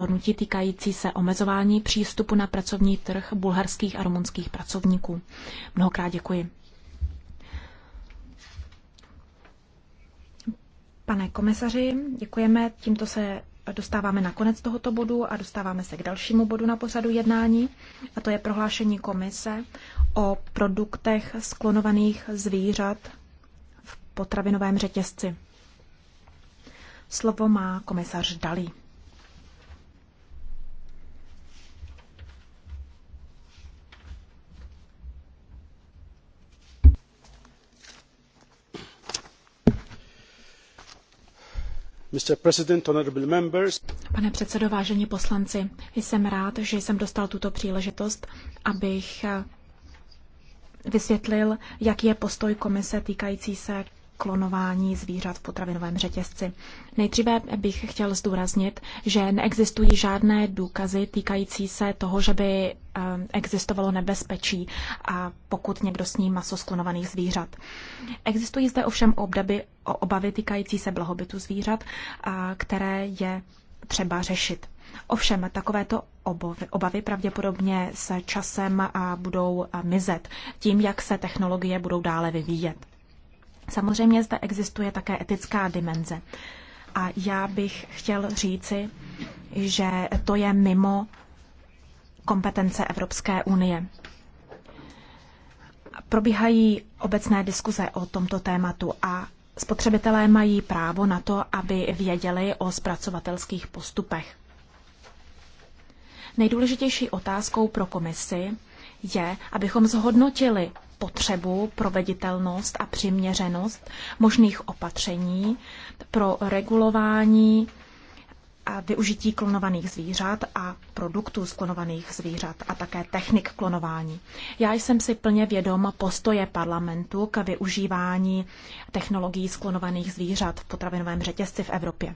rozhodnutí týkající se omezování přístupu na pracovní trh bulharských a rumunských pracovníků. Mnohokrát děkuji. Pane komisaři, děkujeme. Tímto se dostáváme na konec tohoto bodu a dostáváme se k dalšímu bodu na pořadu jednání, a to je prohlášení komise o produktech sklonovaných zvířat v potravinovém řetězci. Slovo má komisař Dalí. Pane předsedo, vážení poslanci, jsem rád, že jsem dostal tuto příležitost, abych vysvětlil, jaký je postoj komise týkající se klonování zvířat v potravinovém řetězci. Nejdříve bych chtěl zdůraznit, že neexistují žádné důkazy týkající se toho, že by eh, existovalo nebezpečí, a pokud někdo sní maso sklonovaných zvířat. Existují zde ovšem obdeby, obavy týkající se blahobytu zvířat, které je třeba řešit. Ovšem, takovéto obavy, pravděpodobně se časem budou mizet tím, jak se technologie budou dále vyvíjet. Samozřejmě zde existuje také etická dimenze. A já bych chtěl říci, že to je mimo kompetence Evropské unie. Probíhají obecné diskuze o tomto tématu a spotřebitelé mají právo na to, aby věděli o zpracovatelských postupech. Nejdůležitější otázkou pro komisi je, abychom zhodnotili potřebu, proveditelnost a přiměřenost možných opatření pro regulování a využití klonovaných zvířat a produktů z klonovaných zvířat a také technik klonování. Já jsem si plně vědom postoje parlamentu k využívání technologií z klonovaných zvířat v potravinovém řetězci v Evropě.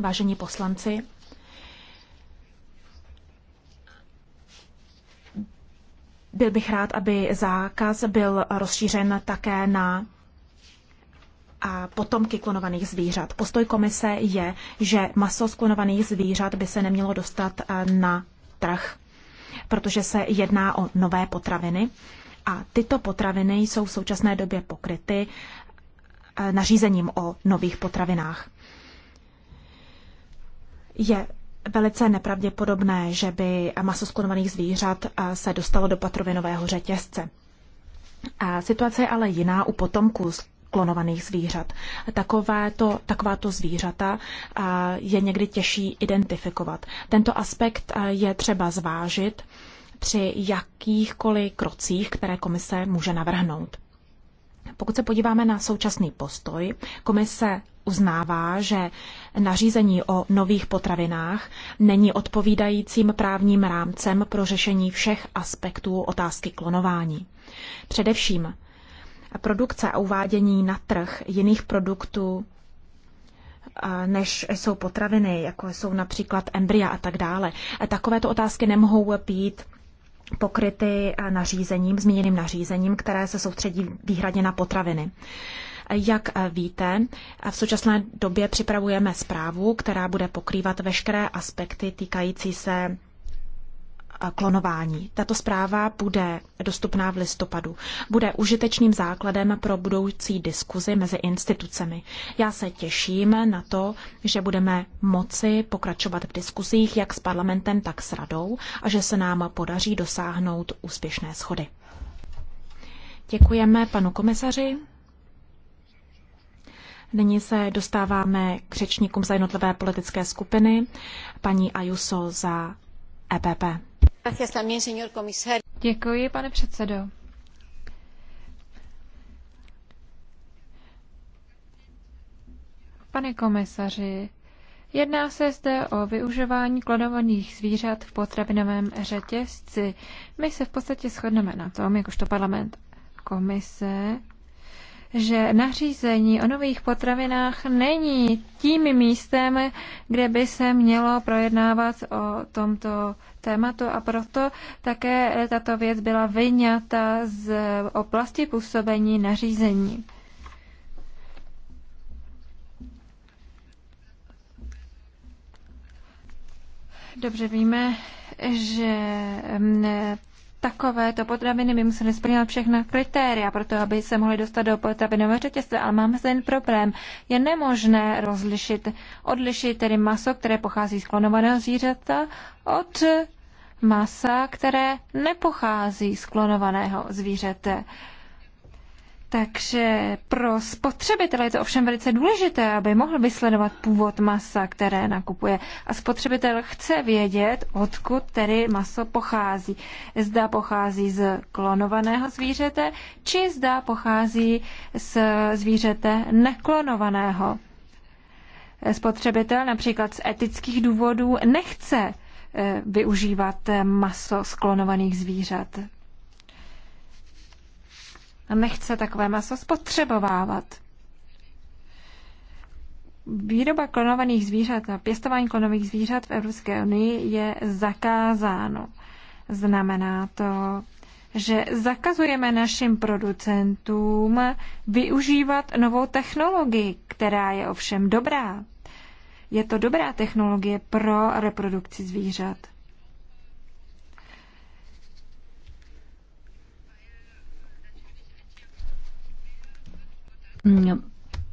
Vážení poslanci, Byl bych rád, aby zákaz byl rozšířen také na a potomky klonovaných zvířat. Postoj komise je, že maso z klonovaných zvířat by se nemělo dostat eh, na trh, protože se jedná o nové potraviny a tyto potraviny jsou v současné době pokryty eh, nařízením o nových potravinách. Je velice nepravděpodobné, že by maso sklonovaných zvířat se dostalo do patrovinového řetězce. A situace je ale jiná u potomků klonovaných zvířat. Takováto, takováto zvířata je někdy těžší identifikovat. Tento aspekt je třeba zvážit při jakýchkoliv krocích, které komise může navrhnout. Pokud se podíváme na současný postoj, komise uznává, že nařízení o nových potravinách není odpovídajícím právním rámcem pro řešení všech aspektů otázky klonování. Především produkce a uvádění na trh jiných produktů než jsou potraviny, jako jsou například embrya a tak dále. Takovéto otázky nemohou být pokryty eh, nařízením, zmíněným nařízením, které se soustředí výhradně na potraviny. Jak eh, víte, eh, v současné době připravujeme zprávu, která bude pokrývat veškeré aspekty týkající se klonování. Tato zpráva bude dostupná v listopadu. Bude užitečným základem pro budoucí diskuzi mezi institucemi. Já se těším na to, že budeme moci pokračovat v diskuzích jak s parlamentem, tak s radou a že se nám podaří dosáhnout úspěšné schody. Děkujeme panu komisaři. Nyní se dostáváme k řečníkům za jednotlivé politické skupiny, paní Ajuso za EPP. Děkuji, pane předsedo. Pane komisaři, jedná se zde o využívání klonovaných zvířat v potravinovém řetězci. My se v podstatě shodneme na tom, jakožto parlament komise, že nařízení o nových potravinách není tím místem, kde by se mělo projednávat o tomto tématu a proto také tato věc byla vyňata z oblasti působení nařízení. Dobře víme, že takovéto potraviny by museli splňovat všechna kritéria pro to, aby se mohly dostat do potravinového řetězce, ale máme zde jen problém. Je nemožné rozlišit, odlišit tedy maso, které pochází z klonovaného zvířata, od masa, které nepochází z klonovaného zvířete. Takže pro spotřebitele je to ovšem velice důležité, aby mohl vysledovat původ masa, které nakupuje. A spotřebitel chce vědět, odkud tedy maso pochází. Zda pochází z klonovaného zvířete, či zda pochází z zvířete neklonovaného. Spotřebitel například z etických důvodů nechce eh, využívat maso z klonovaných zvířat nechce takové maso spotřebovávat. Výroba klonovaných zvířat a pěstování klonových zvířat v Evropské unii je zakázáno. Znamená to, že zakazujeme našim producentům využívat novou technologii, která je ovšem dobrá. Je to dobrá technologie pro reprodukci zvířat.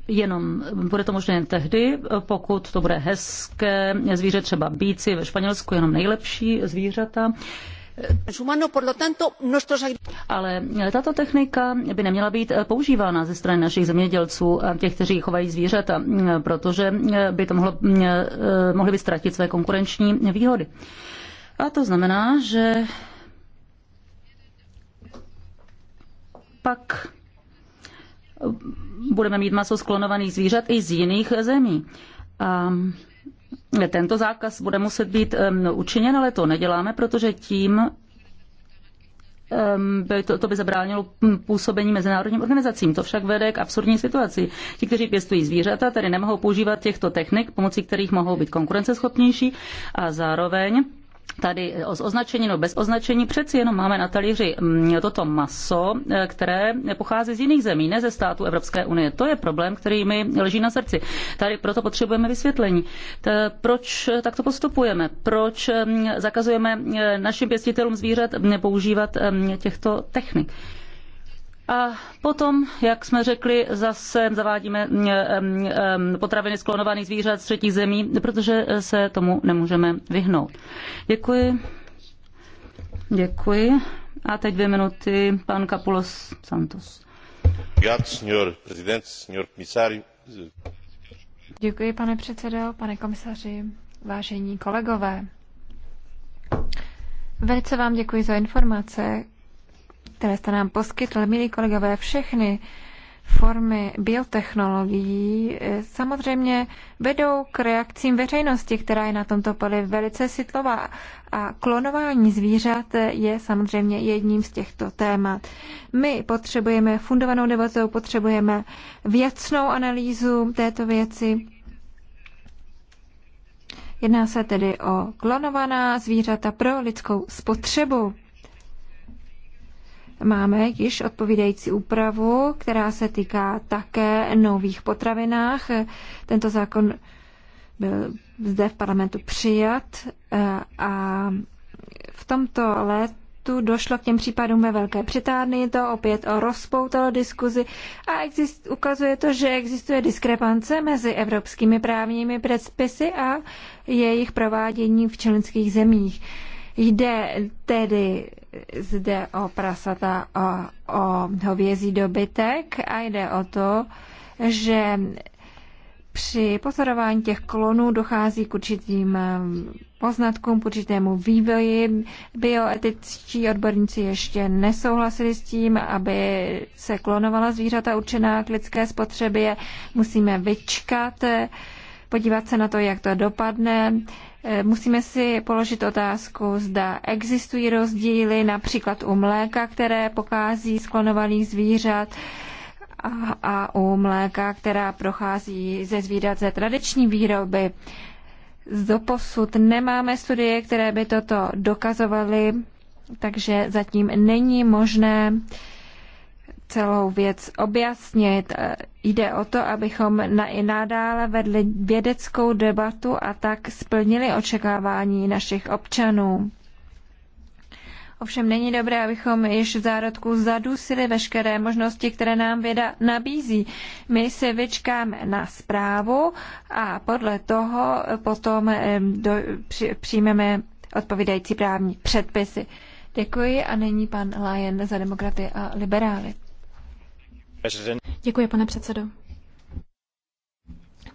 jenom bude to možné jen tehdy, pokud to bude hezké zvíře, třeba bíci ve Španělsku, jenom nejlepší zvířata. Ale tato technika by neměla být používána ze strany našich zemědělců, těch, kteří chovají zvířata, protože by to mohlo, mohli by ztratit své konkurenční výhody. A to znamená, že pak budeme mít maso sklonovaných zvířat i z jiných zemí. A e, tento zákaz bude muset být učiněn, ale to neděláme, protože tím by to, to by zabránilo působení mezinárodním organizacím. To však vede k absurdní situaci. Ti, kteří pěstují zvířata, tedy nemohou používat těchto technik, pomocí kterých mohou být konkurenceschopnější a zároveň tady s označením nebo bez označení, přeci jenom máme na talíři mm, toto maso, eh, které pochází z jiných zemí, ne ze států Evropské unie. To je problém, který mi leží na srdci. Tady proto potřebujeme vysvětlení. Proč takto postupujeme? Proč mm, zakazujeme eh, našim pěstitelům zvířat nepoužívat mm, těchto technik? A potom, jak jsme řekli, zase zavádíme mm, mm, mm, potraviny sklonovaných zvířat z třetích zemí, protože se tomu nemůžeme vyhnout. Děkuji. Děkuji. A teď dvě minuty, pan Kapulos Santos. Děkuji, pane předsedo, pane komisaři, vážení kolegové. Velice vám děkuji za informace, které jste nám poskytl, milí kolegové, všechny formy biotechnologií eh, samozřejmě vedou k reakcím veřejnosti, která je na tomto poli velice citlivá. A klonování zvířat je samozřejmě jedním z těchto témat. My potřebujeme fundovanou debatu, potřebujeme věcnou analýzu této věci. Jedná se tedy o klonovaná zvířata pro lidskou spotřebu máme již odpovídající úpravu, která se týká také nových potravinách. Tento zákon byl zde v parlamentu přijat eh, a v tomto letu došlo k těm případům ve Velké Británii, to opět rozpoutalo diskuzi a exist, ukazuje to, že existuje diskrepance mezi evropskými právními předpisy a jejich provádění v členských zemích. Jde tedy zde o prasata, o, o hovězí dobytek a jde o to, že při pozorování těch klonů dochází k určitým um, poznatkům, k určitému vývoji. Bioetičtí odborníci ještě nesouhlasili s tím, aby se klonovala zvířata určená k lidské spotřebě. Musíme vyčkat podívat se na to, jak to dopadne. Eh, musíme si položit otázku, zda existují rozdíly například u mléka, které pokází z klonovaných zvířat a, a u mléka, která prochází ze zvířat ze tradiční výroby. Doposud nemáme studie, které by toto dokazovaly, takže zatím není možné uh, celou věc objasnit. E, jde o to, abychom na, i nadále vedli vědeckou debatu a tak splnili očekávání našich občanů. Ovšem není dobré, abychom již v zárodku zadusili veškeré možnosti, které nám věda nabízí. My se vyčkáme na zprávu a podle toho potom e, do, při, přijmeme odpovídající právní předpisy. Děkuji a nyní pan Lajen za demokraty a liberály. Děkuji, pane předsedo.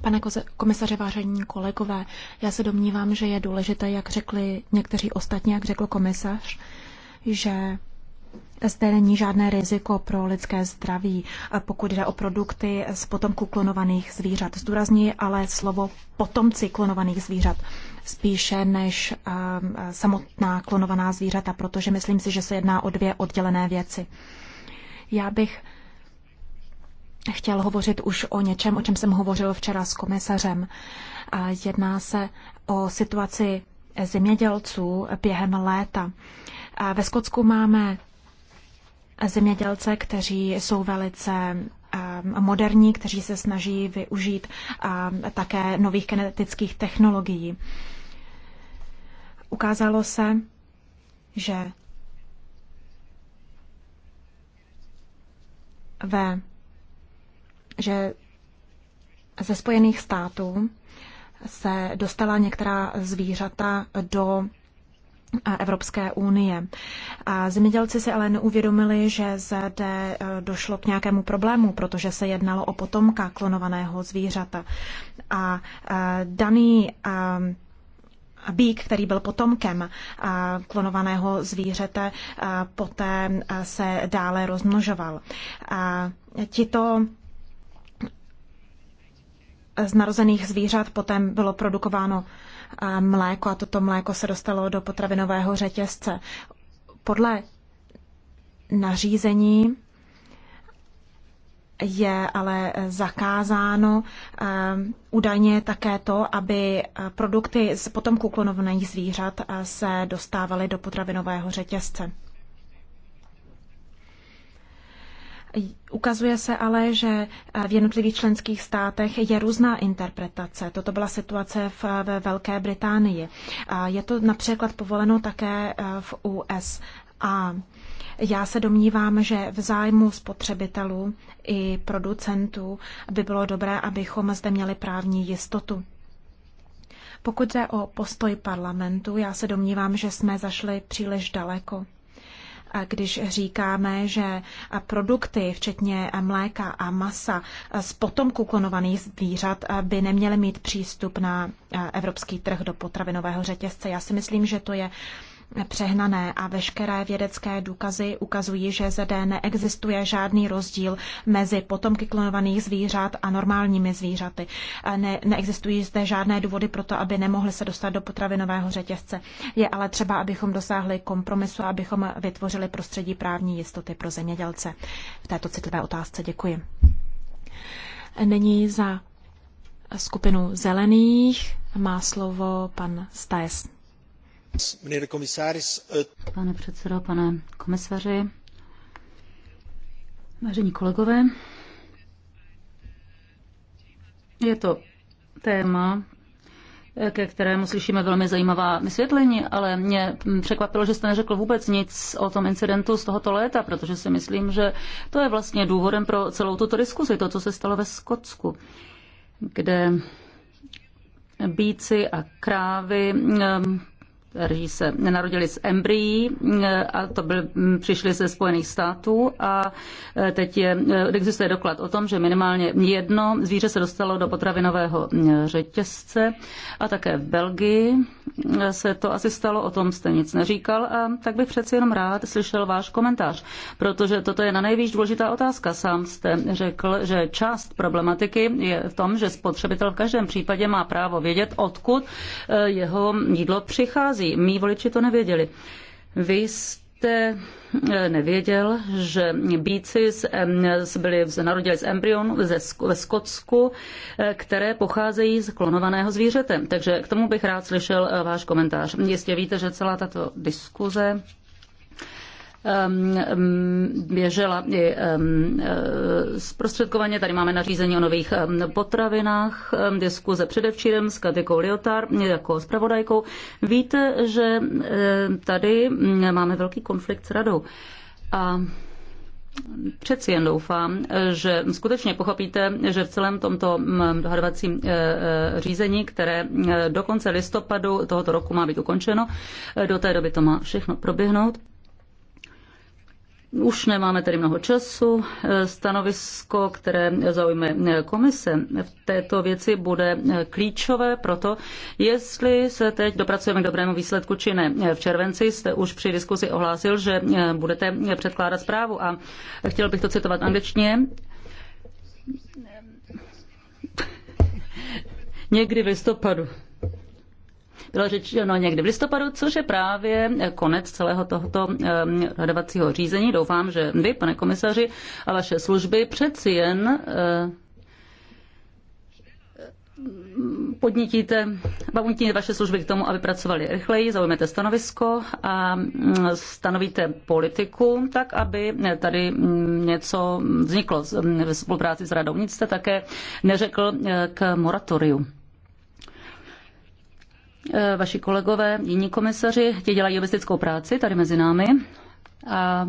Pane komisaře, vážení kolegové, já se domnívám, že je důležité, jak řekli někteří ostatní, jak řekl komisař, že zde není žádné riziko pro lidské zdraví, pokud jde o produkty z potomků klonovaných zvířat. Zdůrazní ale slovo potomci klonovaných zvířat spíše než samotná klonovaná zvířata, protože myslím si, že se jedná o dvě oddělené věci. Já bych chtěl hovořit už o něčem, o čem jsem hovořil včera s komisařem. Jedná se o situaci zemědělců během léta. Ve Skotsku máme zemědělce, kteří jsou velice um, moderní, kteří se snaží využít um, také nových genetických technologií. Ukázalo se, že ve že ze Spojených států se dostala některá zvířata do Evropské unie. A zemědělci si ale neuvědomili, že zde e, došlo k nějakému problému, protože se jednalo o potomka klonovaného zvířata. A e, daný e, bík, který byl potomkem klonovaného zvířete, poté se dále rozmnožoval. Tito z narozených zvířat potom bylo produkováno mléko a toto mléko se dostalo do potravinového řetězce. Podle nařízení je ale zakázáno údajně také to, aby produkty z potomků klonovaných zvířat se dostávaly do potravinového řetězce. Ukazuje se ale, že v jednotlivých členských státech je různá interpretace. Toto byla situace v, ve Velké Británii. Je to například povoleno také eh, v USA. Já se domnívám, že v zájmu spotřebitelů i producentů by bylo dobré, abychom zde měli právní jistotu. Pokud jde o postoj parlamentu, já se domnívám, že jsme zašli příliš daleko když říkáme, že produkty, včetně mléka a masa z potomků klonovaných zvířat, by neměly mít přístup na eh, evropský trh do potravinového řetězce. Já si myslím, že to je přehnané a veškeré vědecké důkazy ukazují, že zde neexistuje žádný rozdíl mezi potomky klonovaných zvířat a normálními zvířaty. Ne, neexistují zde žádné důvody pro to, aby nemohly se dostat do potravinového řetězce. Je ale třeba, abychom dosáhli kompromisu, abychom vytvořili prostředí právní jistoty pro zemědělce. V této citlivé otázce děkuji. Není za skupinu zelených má slovo pan Staes. Pane předsedo, pane komisaři, vážení kolegové, je to téma, ke kterému slyšíme velmi zajímavá vysvětlení, ale mě překvapilo, že jste neřekl vůbec nic o tom incidentu z tohoto léta, protože si myslím, že to je vlastně důvodem pro celou tuto diskuzi, to, co se stalo ve Skotsku, kde bíci a krávy ehm, kteří se narodili z embryí eh, a to byl, mm, přišli ze Spojených států a eh, teď je, eh, existuje doklad o tom, že minimálně jedno zvíře se dostalo do potravinového mm, řetězce a také v Belgii se to asi stalo, o tom jste nic neříkal a tak bych přeci jenom rád slyšel váš komentář, protože toto je na nejvíc důležitá otázka. Sám jste řekl, že část problematiky je v tom, že spotřebitel v každém případě má právo vědět, odkud jeho jídlo přichází pochází. Mí voliči to nevěděli. Vy jste eh, nevěděl, že bíci z, byli, narodili z embryon ze, ve Skotsku, eh, které pocházejí z klonovaného zvířete. Takže k tomu bych rád slyšel eh, váš komentář. Jistě víte, že celá tato diskuze Ehm, ehm, běžela i ehm, e, zprostředkovaně. Tady máme nařízení o nových potravinách, diskuze předevčírem s Katikou Liotar jako zpravodajkou. Víte, že e, tady mm, máme velký konflikt s radou. A Přeci jen doufám, že skutečně pochopíte, že v celém tomto mm, dohadovacím e, řízení, které do konce listopadu tohoto roku má být ukončeno, do té doby to má všechno proběhnout už nemáme tedy mnoho času. Stanovisko, které zaujme komise v této věci, bude klíčové pro to, jestli se teď dopracujeme k dobrému výsledku či ne. V červenci jste už při diskusi ohlásil, že budete předkládat zprávu a chtěl bych to citovat angličtině. Někdy v listopadu bylo řečeno někdy v listopadu, což je právě konec celého tohoto eh, radovacího řízení. Doufám, že vy, pane komisaři, a vaše služby přeci jen eh, podnítíte, podnítíte vaše služby k tomu, aby pracovali rychleji, zaujmete stanovisko a mm, stanovíte politiku, tak aby tady mm, něco vzniklo mm, ve spolupráci s radou. Nic jste také neřekl eh, k moratoriu. Eh, vaši kolegové, jiní komisaři, ti dělají lobbystickou práci tady mezi námi. A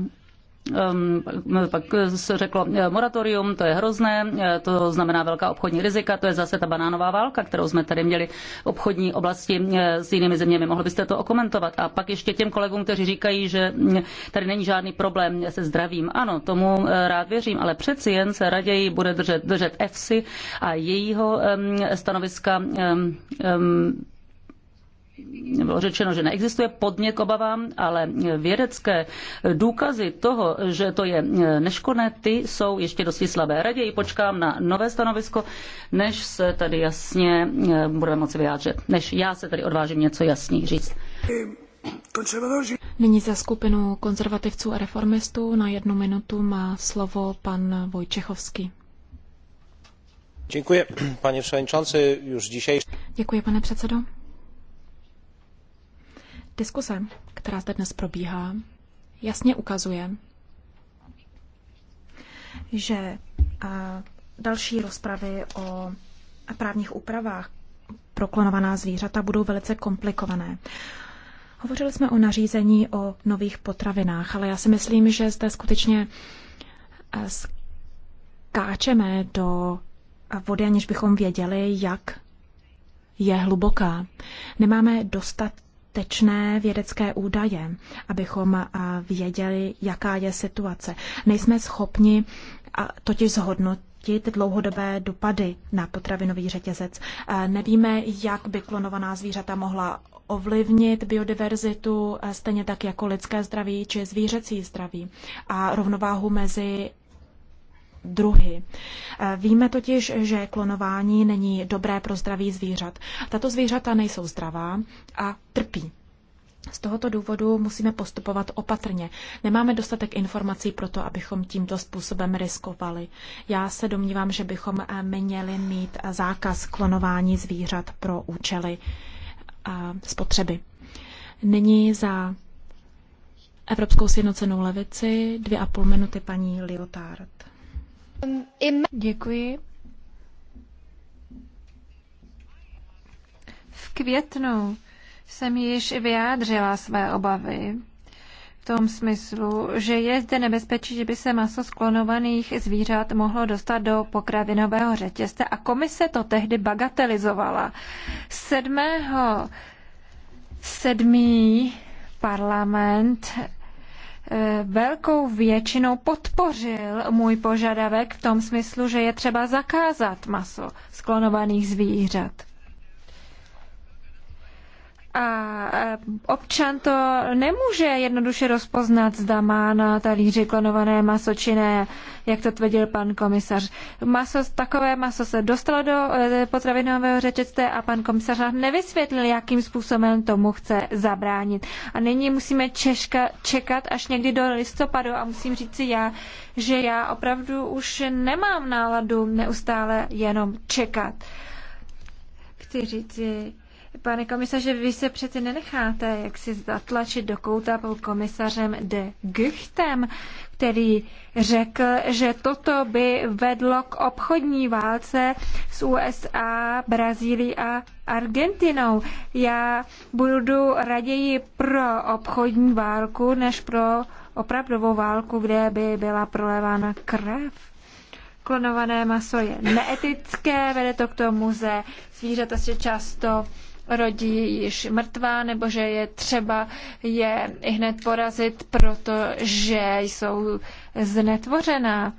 eh, pak eh, se řeklo moratorium, to je hrozné, to znamená velká obchodní rizika, to je zase ta banánová válka, kterou jsme tady měli v obchodní oblasti s jinými zeměmi. Mohl byste to okomentovat? A pak ještě těm kolegům, kteří říkají, že mm, tady není žádný problém se zdravím. Ano, tomu rád věřím, ale přeci jen se raději bude držet, držet EFSI a jejího stanoviska bylo řečeno, že neexistuje podnět k obavám, ale vědecké důkazy toho, že to je neškodné, ty jsou ještě dosti slabé. Raději počkám na nové stanovisko, než se tady jasně eh, budeme moci vyjádřit, než já se tady odvážím něco jasný říct. Nyní za skupinu konzervativců a reformistů na jednu minutu má slovo pan Vojčechovský. Děkuji, pane předsedající. Už Děkuji, pane předsedo. Diskuse, která zde dnes probíhá, jasně ukazuje, že další rozpravy o právních úpravách pro klonovaná zvířata budou velice komplikované. Hovořili jsme o nařízení o nových potravinách, ale já si myslím, že zde skutečně skáčeme do vody, aniž bychom věděli, jak je hluboká. Nemáme dostat, tečné vědecké údaje, abychom věděli, jaká je situace. Nejsme schopni totiž zhodnotit dlouhodobé dopady na potravinový řetězec. Nevíme, jak by klonovaná zvířata mohla ovlivnit biodiverzitu, stejně tak jako lidské zdraví či zvířecí zdraví a rovnováhu mezi druhy. Eh, víme totiž, že klonování není dobré pro zdraví zvířat. Tato zvířata nejsou zdravá a trpí. Z tohoto důvodu musíme postupovat opatrně. Nemáme dostatek informací pro to, abychom tímto způsobem riskovali. Já se domnívám, že bychom eh, měli mít eh, zákaz klonování zvířat pro účely spotřeby. Nyní za Evropskou sjednocenou levici dvě a půl minuty paní Liotard. Děkuji. V květnu jsem již vyjádřila své obavy v tom smyslu, že je zde nebezpečí, že by se maso sklonovaných zvířat mohlo dostat do pokravinového řetězce a komise to tehdy bagatelizovala. 7. 7. parlament Eh, velkou většinou podpořil můj požadavek v tom smyslu, že je třeba zakázat maso sklonovaných zvířat. A e, občan to nemůže jednoduše rozpoznat, zda má na talíři klonované maso či ne, jak to tvrdil pan komisař. Maso, takové maso se dostalo do e, potravinového řetězce a pan komisař nám nevysvětlil, jakým způsobem tomu chce zabránit. A nyní musíme češka, čekat až někdy do listopadu a musím říci já, že já opravdu už nemám náladu neustále jenom čekat. Chci říci, Pane komisaře, vy se přeci nenecháte jak si zatlačit do kouta pod komisařem de Guchtem, který řekl, že toto by vedlo k obchodní válce s USA, Brazílií a Argentinou. Já budu raději pro obchodní válku, než pro opravdovou válku, kde by byla prolevána krev klonované maso je neetické, vede to k tomu, že zvířata se často rodí již mrtvá nebo že je třeba je hned porazit, protože jsou znetvořená.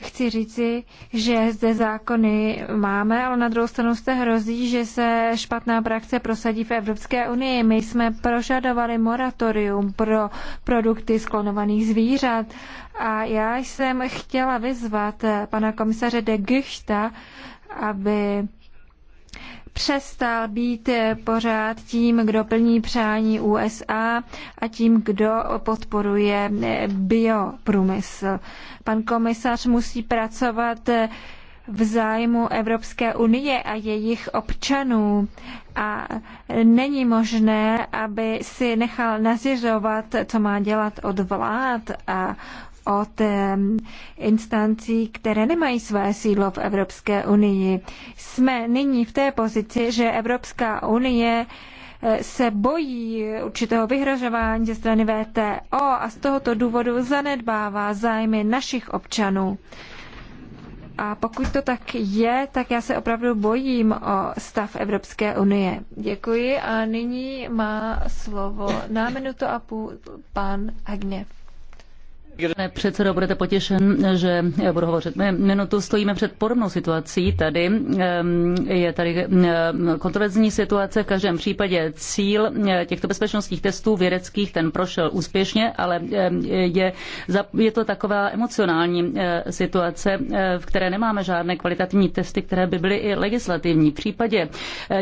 Chci říci, že zde zákony máme, ale na druhou stranu se hrozí, že se špatná praxe prosadí v Evropské unii. My jsme prožadovali moratorium pro produkty sklonovaných zvířat a já jsem chtěla vyzvat pana komisaře de Guchta, aby přestal být eh, pořád tím, kdo plní přání USA a tím, kdo podporuje eh, bioprůmysl. Pan komisař musí pracovat eh, v zájmu Evropské unie a jejich občanů. A není možné, aby si nechal nařizovat, co má dělat od vlád a od instancí, které nemají své sídlo v Evropské unii. Jsme nyní v té pozici, že Evropská unie eh, se bojí určitého vyhrožování ze strany VTO a z tohoto důvodu zanedbává zájmy našich občanů. A pokud to tak je, tak já se opravdu bojím o stav Evropské unie. Děkuji a nyní má slovo na minutu a půl pan Agněv. Pane předsedo, budete potěšen, že budu hovořit. My minutu stojíme před podobnou situací tady. Ehm, je tady ehm, kontroverzní situace. V každém případě cíl eh, těchto bezpečnostních testů vědeckých, ten prošel úspěšně, ale ehm, je, je to taková emocionální eh, situace, eh, v které nemáme žádné kvalitativní testy, které by byly i legislativní. V případě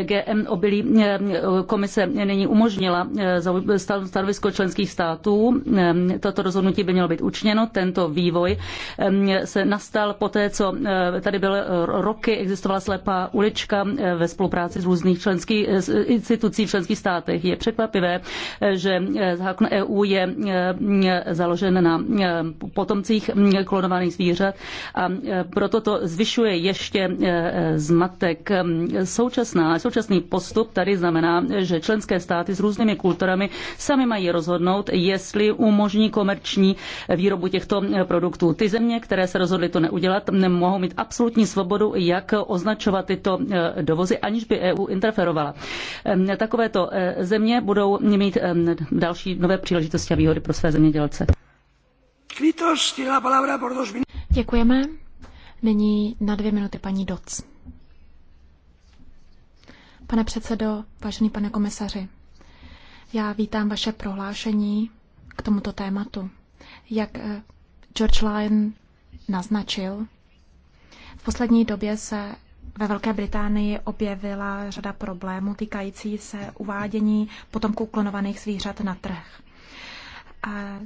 GM obilí komise nyní umožnila stanovisko členských států. Toto rozhodnutí by mělo být učiněno. Tento vývoj se nastal poté, co eh, tady byly roky, existovala slepá ulička eh, ve spolupráci s různých členských eh, institucí v členských státech. Je překvapivé, že zákon EU je založen na potomcích mm, klonovaných zvířat a proto to zvyšuje ještě zmatek. Současná, současný postup tady znamená, že členské státy s různými kulturami sami mají rozhodnout, jestli umožní komerční výrobu těchto eh, produktů. Ty země, které se rozhodly to neudělat, mohou mít absolutní svobodu, jak označovat tyto eh, dovozy, aniž by EU interferovala. Takovéto eh, země budou mít další nové příležitosti a výhody pro své zemědělce. Děkujeme. Nyní na dvě minuty paní Doc. Pane předsedo, vážený pane komisaři, já vítám vaše prohlášení k tomuto tématu. Jak eh, George Lyon naznačil, v poslední době se ve Velké Británii objevila řada problémů týkající se uvádění potomků klonovaných zvířat na trh.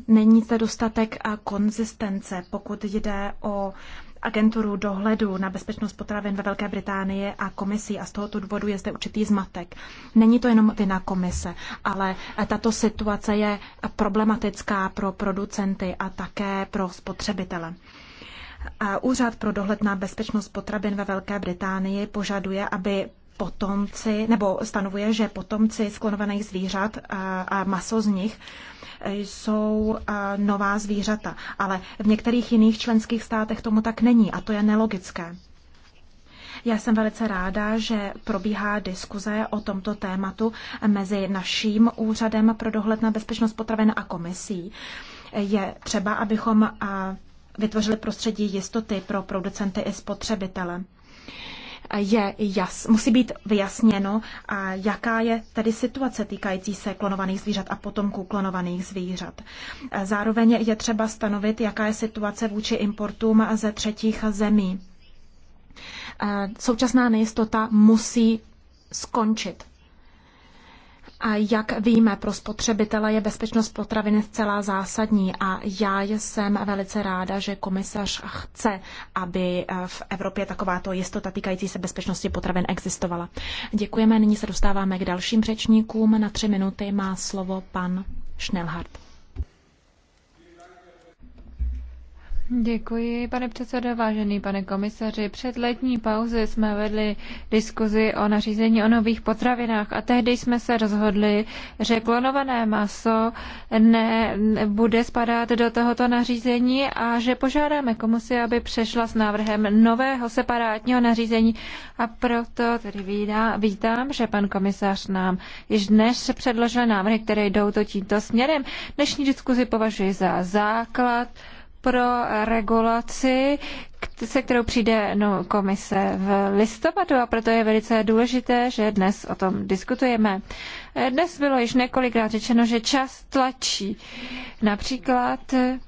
Není zde dostatek konzistence, pokud jde o agenturu dohledu na bezpečnost potravin ve Velké Británii a komisí a z tohoto důvodu je zde určitý zmatek. Není to jenom vina komise, ale tato situace je problematická pro producenty a také pro spotřebitele. Úřad pro dohled na bezpečnost potravin ve Velké Británii požaduje, aby potomci, nebo stanovuje, že potomci sklonovaných zvířat a, a maso z nich jsou nová zvířata, ale v některých jiných členských státech tomu tak není a to je nelogické. Já jsem velice ráda, že probíhá diskuze o tomto tématu mezi naším úřadem pro dohled na bezpečnost potravin a komisí. Je třeba, abychom vytvořili prostředí jistoty pro producenty i spotřebitele je jas, musí být vyjasněno, a jaká je tedy situace týkající se klonovaných zvířat a potomků klonovaných zvířat. Zároveň je třeba stanovit, jaká je situace vůči importům ze třetích zemí. Současná nejistota musí skončit. A jak víme, pro spotřebitele je bezpečnost potravin zcela zásadní a já jsem velice ráda, že komisař chce, aby eh, v Evropě takováto jistota týkající se bezpečnosti potravin existovala. Děkujeme, nyní se dostáváme k dalším řečníkům. Na tři minuty má slovo pan Schnellhardt. Děkuji, pane předsedo, vážený pane komisaři. Před letní pauze jsme vedli diskuzi o nařízení o nových potravinách a tehdy jsme se rozhodli, že klonované maso nebude spadat do tohoto nařízení a že požádáme komisi, aby přešla s návrhem nového separátního nařízení a proto tedy vítám, že pan komisař nám již dnes předložil návrhy, které jdou to tímto směrem. Dnešní diskuzi považuji za základ pro regulaci, se kterou přijde no, komise v listopadu a proto je velice důležité, že dnes o tom diskutujeme. Eh, dnes bylo již několikrát řečeno, že čas tlačí. Například eh,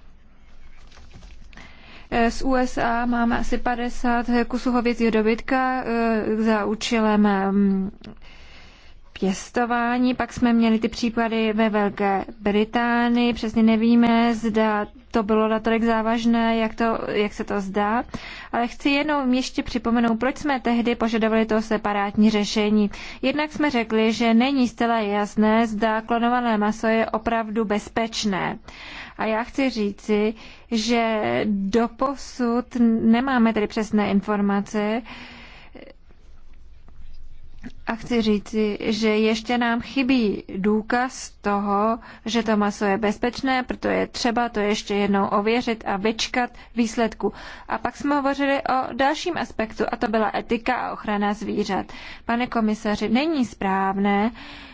z USA máme asi 50 kusů hovězího dobytka eh, za účelem mm, pěstování. Pak jsme měli ty případy ve Velké Británii. Přesně nevíme, zda to bylo natolik závažné, jak, to, jak se to zdá. Ale chci jenom ještě připomenout, proč jsme tehdy požadovali to separátní řešení. Jednak jsme řekli, že není zcela jasné, zda klonované maso je opravdu bezpečné. A já chci říci, že doposud nemáme tedy přesné informace, a chci říci, že ještě nám chybí důkaz toho, že to maso je bezpečné, proto je třeba to ještě jednou ověřit a vyčkat výsledku. A pak jsme hovořili o dalším aspektu, a to byla etika a ochrana zvířat. Pane komisaři, není správné,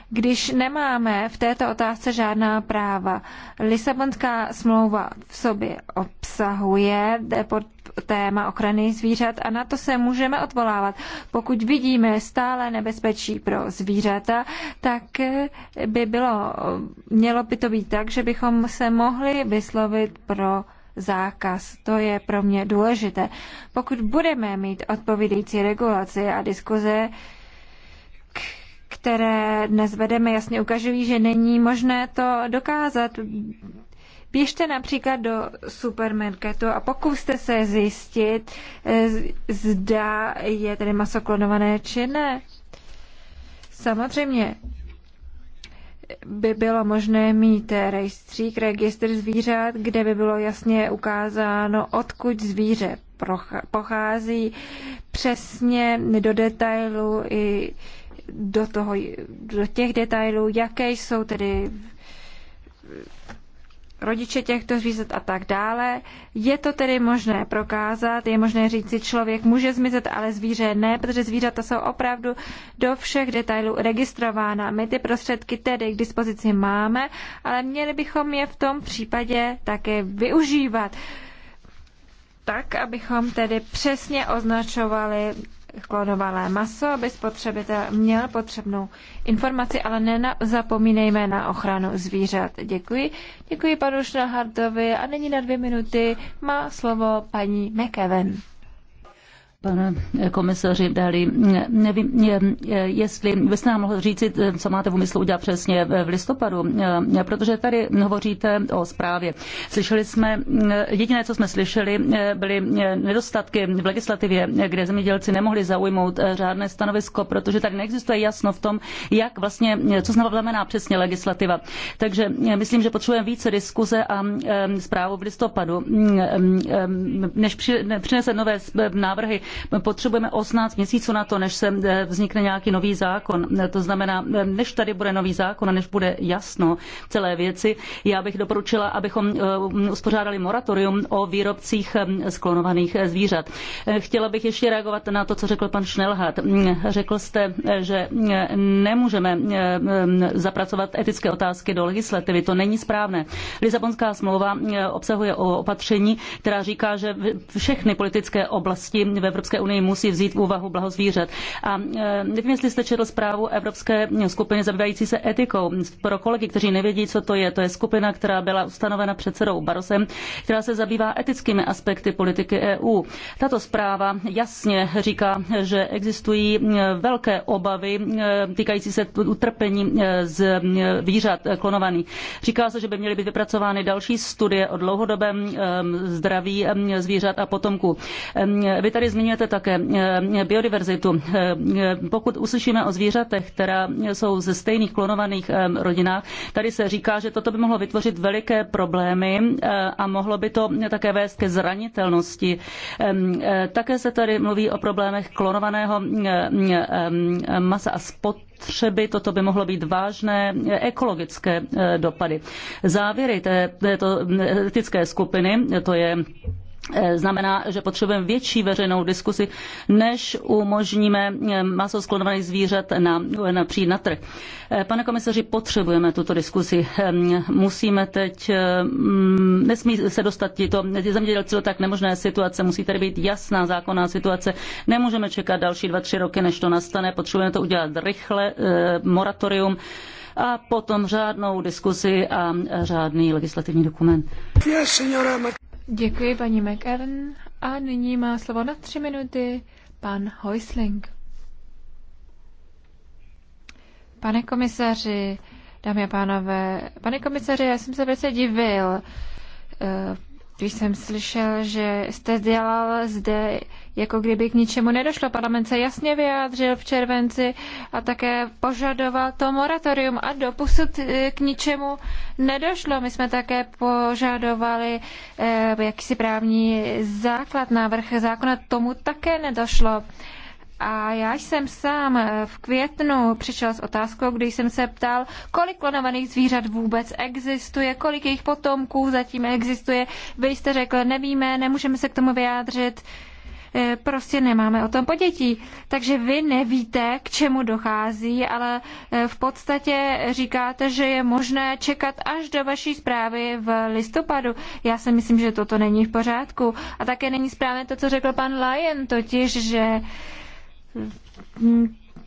když nemáme v této otázce žádná práva. Lisabonská smlouva v sobě obsahuje téma ochrany zvířat a na to se můžeme odvolávat. Pokud vidíme stále nebezpečí pro zvířata, tak by bylo, mělo by to být tak, že bychom se mohli vyslovit pro zákaz. To je pro mě důležité. Pokud budeme mít odpovídající regulaci a diskuze, které dnes vedeme, jasně ukazují, že není možné to dokázat. Běžte například do supermarketu a pokuste se zjistit, eh, zda je tedy maso klonované či ne. Samozřejmě by bylo možné mít rejstřík, registr zvířat, kde by bylo jasně ukázáno, odkud zvíře pochází, přesně do detailu i do, toho, do těch detailů, jaké jsou tedy rodiče těchto zvířat a tak dále. Je to tedy možné prokázat, je možné říct si, člověk může zmizet, ale zvíře ne, protože zvířata jsou opravdu do všech detailů registrována. My ty prostředky tedy k dispozici máme, ale měli bychom je v tom případě také využívat tak, abychom tedy přesně označovali klonované maso, aby spotřebitel měl potřebnou informaci, ale nezapomínejme na ochranu zvířat. Děkuji. Děkuji panu Šnahardovi a nyní na dvě minuty má slovo paní McEwen. Pane komisaři Dali, nevím, jestli byste nám mohl říci, co máte v úmyslu udělat přesně v listopadu, eh, protože tady hovoříte o zprávě. Slyšeli jsme, eh, jediné, co jsme slyšeli, eh, byly nedostatky v legislativě, kde zemědělci nemohli zaujmout žádné stanovisko, protože tady neexistuje jasno v tom, jak vlastně, co znamená přesně legislativa. Takže myslím, že potřebujeme více diskuze a zprávu v listopadu, mm, mm, než přinese nové návrhy potřebujeme 18 měsíců na to, než se eh, vznikne nějaký nový zákon. Eh, to znamená, eh, než tady bude nový zákon a než bude jasno celé věci, já bych doporučila, abychom uspořádali moratorium o výrobcích sklonovaných zvířat. Chtěla bych ještě reagovat na to, co řekl pan Schnellhardt. Mm, řekl jste, že nemůžeme zapracovat etické otázky do legislativy. To není správné. Lisabonská smlouva obsahuje opatření, která říká, že všechny politické oblasti ve Evropské unii musí vzít v úvahu blaho zvířat. A e, nevím, jestli jste četl zprávu Evropské skupiny zabývající se etikou. Pro kolegy, kteří nevědí, co to je, to je skupina, která byla ustanovena předsedou Barosem, která se zabývá etickými aspekty politiky EU. Tato zpráva jasně říká, že existují e, velké obavy e, týkající se utrpení z výřad klonovaných. Říká se, že by měly být vypracovány další studie o dlouhodobém zdraví zvířat a potomků. Vy tady zmiňujete Zmiňujete také eh, biodiverzitu. Eh, eh, pokud uslyšíme o zvířatech, která jsou ze stejných klonovaných rodinách, tady se říká, že toto by mohlo vytvořit veliké problémy a mohlo by to také vést ke zranitelnosti. Také se tady mluví o problémech klonovaného masa a spot Třeby toto by mohlo být vážné ekologické dopady. Závěry té, této etické skupiny, to je Eh, znamená, že potřebujeme větší veřejnou diskusi, než umožníme eh, maso sklonovaných zvířat na, na přijít na trh. Eh, pane komisaři, potřebujeme tuto diskusi. Ehm, musíme teď, mm, nesmí se dostat tito zemědělci do tak nemožné situace, musí tady být jasná zákonná situace. Nemůžeme čekat další dva, tři roky, než to nastane. Potřebujeme to udělat rychle, moratorium a potom řádnou diskusi a řádný legislativní dokument. Děkuji paní McEwen a nyní má slovo na tři minuty pan Heusling. Pane komisaři, dámy a pánové, pane komisaři, já jsem se velice divil eh, když jsem slyšel, že jste dělal zde, jako kdyby k ničemu nedošlo. Parlament se jasně vyjádřil v červenci a také požadoval to moratorium a doposud eh, k ničemu nedošlo. My jsme také požadovali eh, jakýsi právní základ, návrh zákona, tomu také nedošlo. Eh, a já jsem sám eh, v květnu přišel s otázkou, když jsem se ptal, kolik klonovaných zvířat vůbec existuje, kolik jejich potomků zatím existuje. Vy jste řekl, nevíme, nemůžeme se k tomu vyjádřit eh, prostě nemáme o tom podětí. Takže vy nevíte, k čemu dochází, ale eh, v podstatě říkáte, že je možné čekat až do vaší zprávy v listopadu. Já si myslím, že toto není v pořádku. A také není správné to, co řekl pan Lyon, totiž, že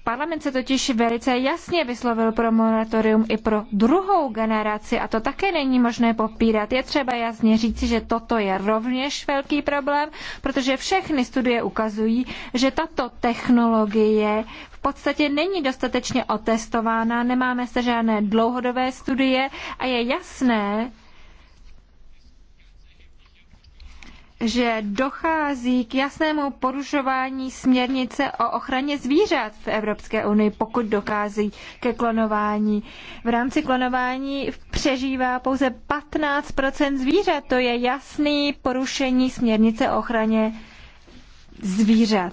Parlament se totiž velice jasně vyslovil pro moratorium i pro druhou generaci a to také není možné popírat. Je třeba jasně říci, že toto je rovněž velký problém, protože všechny studie ukazují, že tato technologie v podstatě není dostatečně otestována, nemáme se žádné dlouhodobé studie a je jasné, že dochází k jasnému porušování směrnice o ochraně zvířat v Evropské unii, pokud dochází ke klonování. V rámci klonování přežívá pouze 15 zvířat. To je jasný porušení směrnice o ochraně zvířat.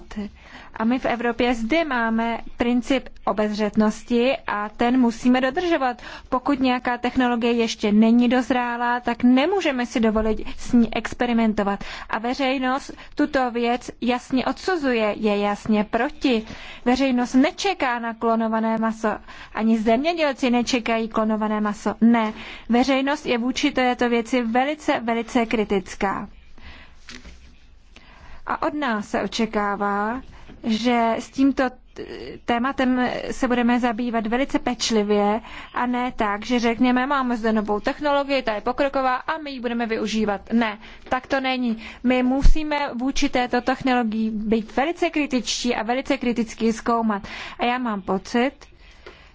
A my v Evropě zde máme princip obezřetnosti a ten musíme dodržovat. Pokud nějaká technologie ještě není dozrálá, tak nemůžeme si dovolit s ní experimentovat. A veřejnost tuto věc jasně odsuzuje, je jasně proti. Veřejnost nečeká na klonované maso. Ani zemědělci nečekají klonované maso. Ne. Veřejnost je vůči této věci velice, velice kritická. A od nás se očekává, že s tímto tématem se budeme zabývat velice pečlivě a ne tak, že řekněme, máme zde novou technologii, ta je pokroková a my ji budeme využívat. Ne, tak to není. My musíme vůči této technologii být velice kritičtí a velice kriticky zkoumat. A já mám pocit,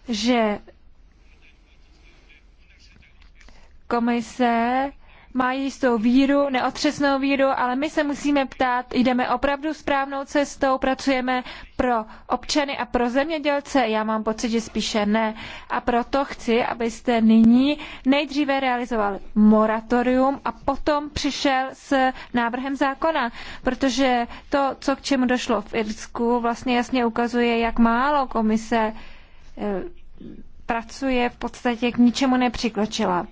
že komise mají jistou víru, neotřesnou víru, ale my se musíme ptát, jdeme opravdu správnou cestou, pracujeme pro občany a pro zemědělce? Já mám pocit, že spíše ne. A proto chci, abyste nyní nejdříve realizovali moratorium a potom přišel s návrhem zákona, protože to, co k čemu došlo v Irsku, vlastně jasně ukazuje, jak málo komise eh, pracuje, v podstatě k ničemu nepřikročila.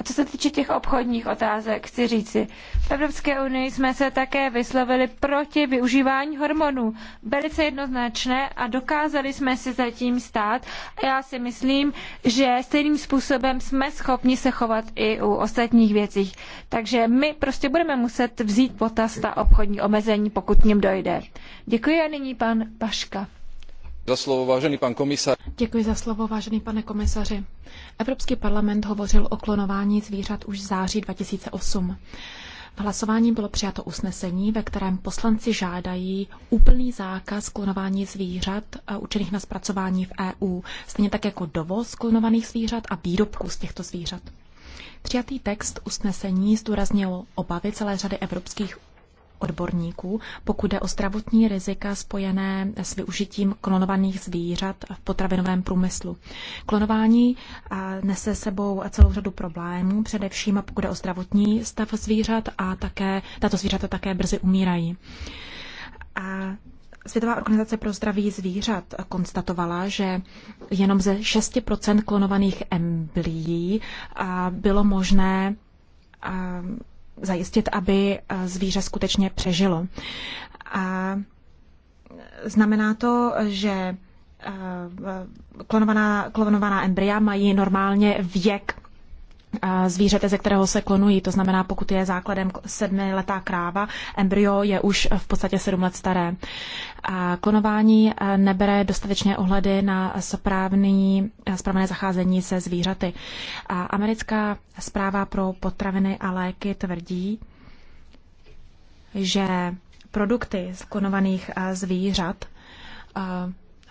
A co se týče těch obchodních otázek, chci říci, v Evropské unii jsme se také vyslovili proti využívání hormonů. Velice jednoznačné a dokázali jsme si zatím stát. A já si myslím, že stejným způsobem jsme schopni se chovat i u ostatních věcí. Takže my prostě budeme muset vzít potaz ta obchodní omezení, pokud k nim dojde. Děkuji a nyní pan Paška. Za slovo, vážený pan komisař. Děkuji za slovo, vážený pane komisaři. Evropský parlament hovořil o klonování zvířat už v září 2008. V hlasování bylo přijato usnesení, ve kterém poslanci žádají úplný zákaz klonování zvířat eh, učených na zpracování v EU, stejně tak jako dovoz klonovaných zvířat a výrobků z těchto zvířat. Přijatý text usnesení zdůraznil obavy celé řady evropských odborníků, pokud jde o zdravotní rizika spojené s využitím klonovaných zvířat v potravinovém průmyslu. Klonování nese sebou celou řadu problémů, především pokud jde o zdravotní stav zvířat a také, tato zvířata také brzy umírají. A Světová organizace pro zdraví zvířat konstatovala, že jenom ze 6 klonovaných embryí bylo možné zajistit, aby eh, zvíře skutečně přežilo. A znamená to, že eh, klonovaná, klonovaná embrya mají normálně věk zvířete, ze kterého se klonují. To znamená, pokud je základem sedmiletá kráva, embryo je už v podstatě sedm let staré. A klonování eh, nebere dostatečné ohledy na správný, eh, správné zacházení se zvířaty. A americká zpráva pro potraviny a léky tvrdí, že produkty z klonovaných eh, zvířat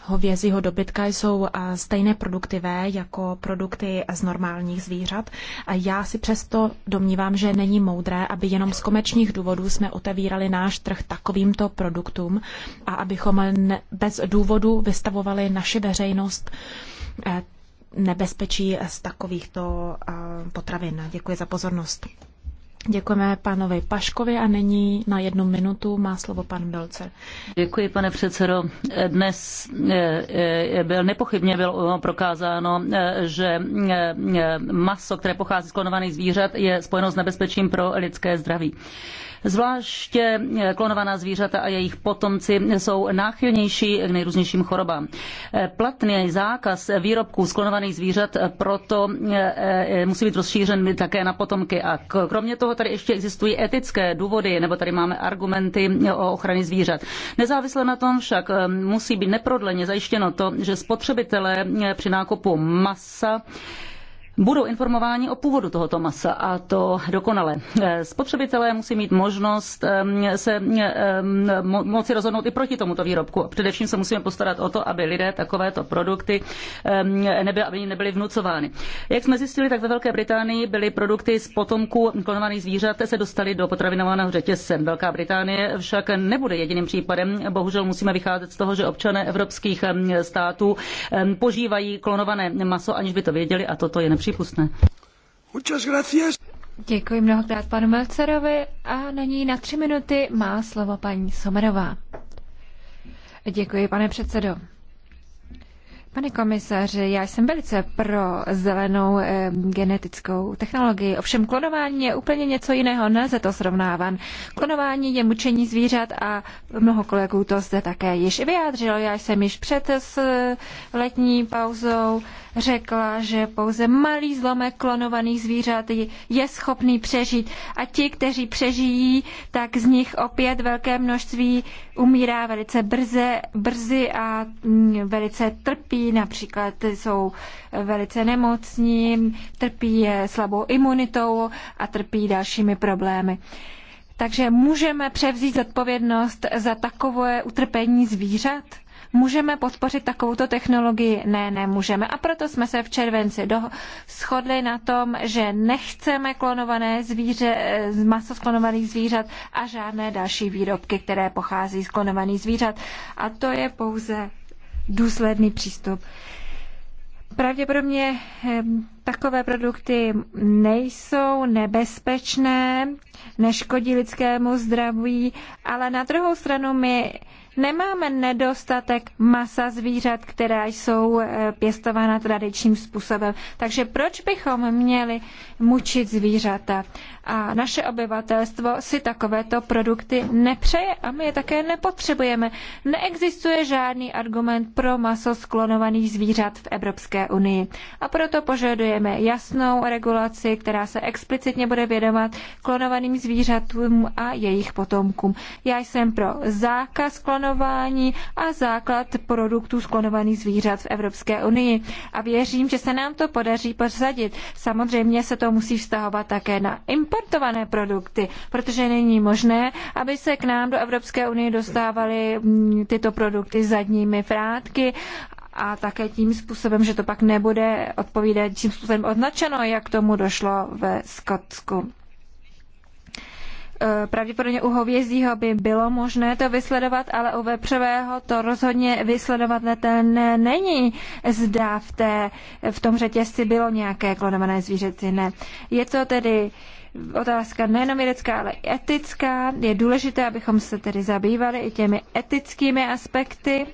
hovězího dobytka jsou stejné produktivé jako produkty z normálních zvířat. A já si přesto domnívám, že není moudré, aby jenom z komerčních důvodů jsme otevírali náš trh takovýmto produktům a abychom bez důvodu vystavovali naši veřejnost eh, nebezpečí z takovýchto eh, potravin. Děkuji za pozornost. Děkujeme pánovi Paškovi a nyní na jednu minutu má slovo pan Belcer. Děkuji, pane předsedo. Dnes eh, eh, byl nepochybně bylo prokázáno, eh, že maso, které pochází z klonovaných zvířat, je spojeno s nebezpečím pro lidské zdraví. Zvláště klonovaná zvířata a jejich potomci jsou náchylnější k nejrůznějším chorobám. Platný zákaz výrobků z klonovaných zvířat proto e, e, musí být rozšířen také na potomky. A kromě toho tady ještě existují etické důvody, nebo tady máme argumenty o ochraně zvířat. Nezávisle na tom však e, musí být neprodleně zajištěno to, že spotřebitelé při nákupu masa budou informováni o původu tohoto masa a to dokonale. Eh, spotřebitelé musí mít možnost ehm, se eh, ehm, moci rozhodnout i proti tomuto výrobku. Především se musíme postarat o to, aby lidé takovéto produkty ehm, nebyly, aby nebyly vnucovány. Jak jsme zjistili, tak ve Velké Británii byly produkty z potomků klonovaných zvířat se dostaly do potravinovaného řetězce. Velká Británie však nebude jediným případem. Bohužel musíme vycházet z toho, že občané evropských států požívají klonované maso, aniž by to věděli a toto je nepřijatelné nepřípustné. Děkuji mnohokrát panu Melcerovi a na ní na tři minuty má slovo paní Somerová. Děkuji, pane předsedo. Pane komisaři, já jsem velice pro zelenou e, genetickou technologii. Ovšem klonování je úplně něco jiného, nelze to srovnávat. Klonování je mučení zvířat a mnoho kolegů to zde také již vyjádřilo. Já jsem již před s letní pauzou řekla, že pouze malý zlomek klonovaných zvířat je schopný přežít a ti, kteří přežijí, tak z nich opět velké množství umírá velice brze, brzy a mm, velice trpí, například jsou velice nemocní, trpí slabou imunitou a trpí dalšími problémy. Takže můžeme převzít zodpovědnost za takové utrpení zvířat? Můžeme podpořit takovouto technologii? Ne, nemůžeme. A proto jsme se v červenci do, shodli na tom, že nechceme klonované zvíře, eh, maso klonovaných zvířat a žádné další výrobky, které pochází z klonovaných zvířat. A to je pouze důsledný přístup. Pravděpodobně eh, takové produkty nejsou nebezpečné, neškodí lidskému zdraví, ale na druhou stranu my nemáme nedostatek masa zvířat, která jsou eh, pěstována tradičním způsobem. Takže proč bychom měli mučit zvířata? A naše obyvatelstvo si takovéto produkty nepřeje a my je také nepotřebujeme. Neexistuje žádný argument pro maso sklonovaných zvířat v Evropské unii. A proto požadujeme jasnou regulaci, která se explicitně bude vědomat klonovaným zvířatům a jejich potomkům. Já jsem pro zákaz klonovaných klonování a základ produktů z klonovaných zvířat v Evropské unii. A věřím, že se nám to podaří prosadit. Samozřejmě se to musí vztahovat také na importované produkty, protože není možné, aby se k nám do Evropské unie dostávaly mm, tyto produkty zadními vrátky a také tím způsobem, že to pak nebude odpovídat tím způsobem označeno, jak tomu došlo ve Skotsku. Eh, pravděpodobně u hovězího by bylo možné to vysledovat, ale u vepřového to rozhodně vysledovat ne, není. Zda v, té, v tom řetězci bylo nějaké klonované zvířeci, ne. Je to tedy otázka nejenom vědecká, ale i etická. Je důležité, abychom se tedy zabývali i těmi etickými aspekty.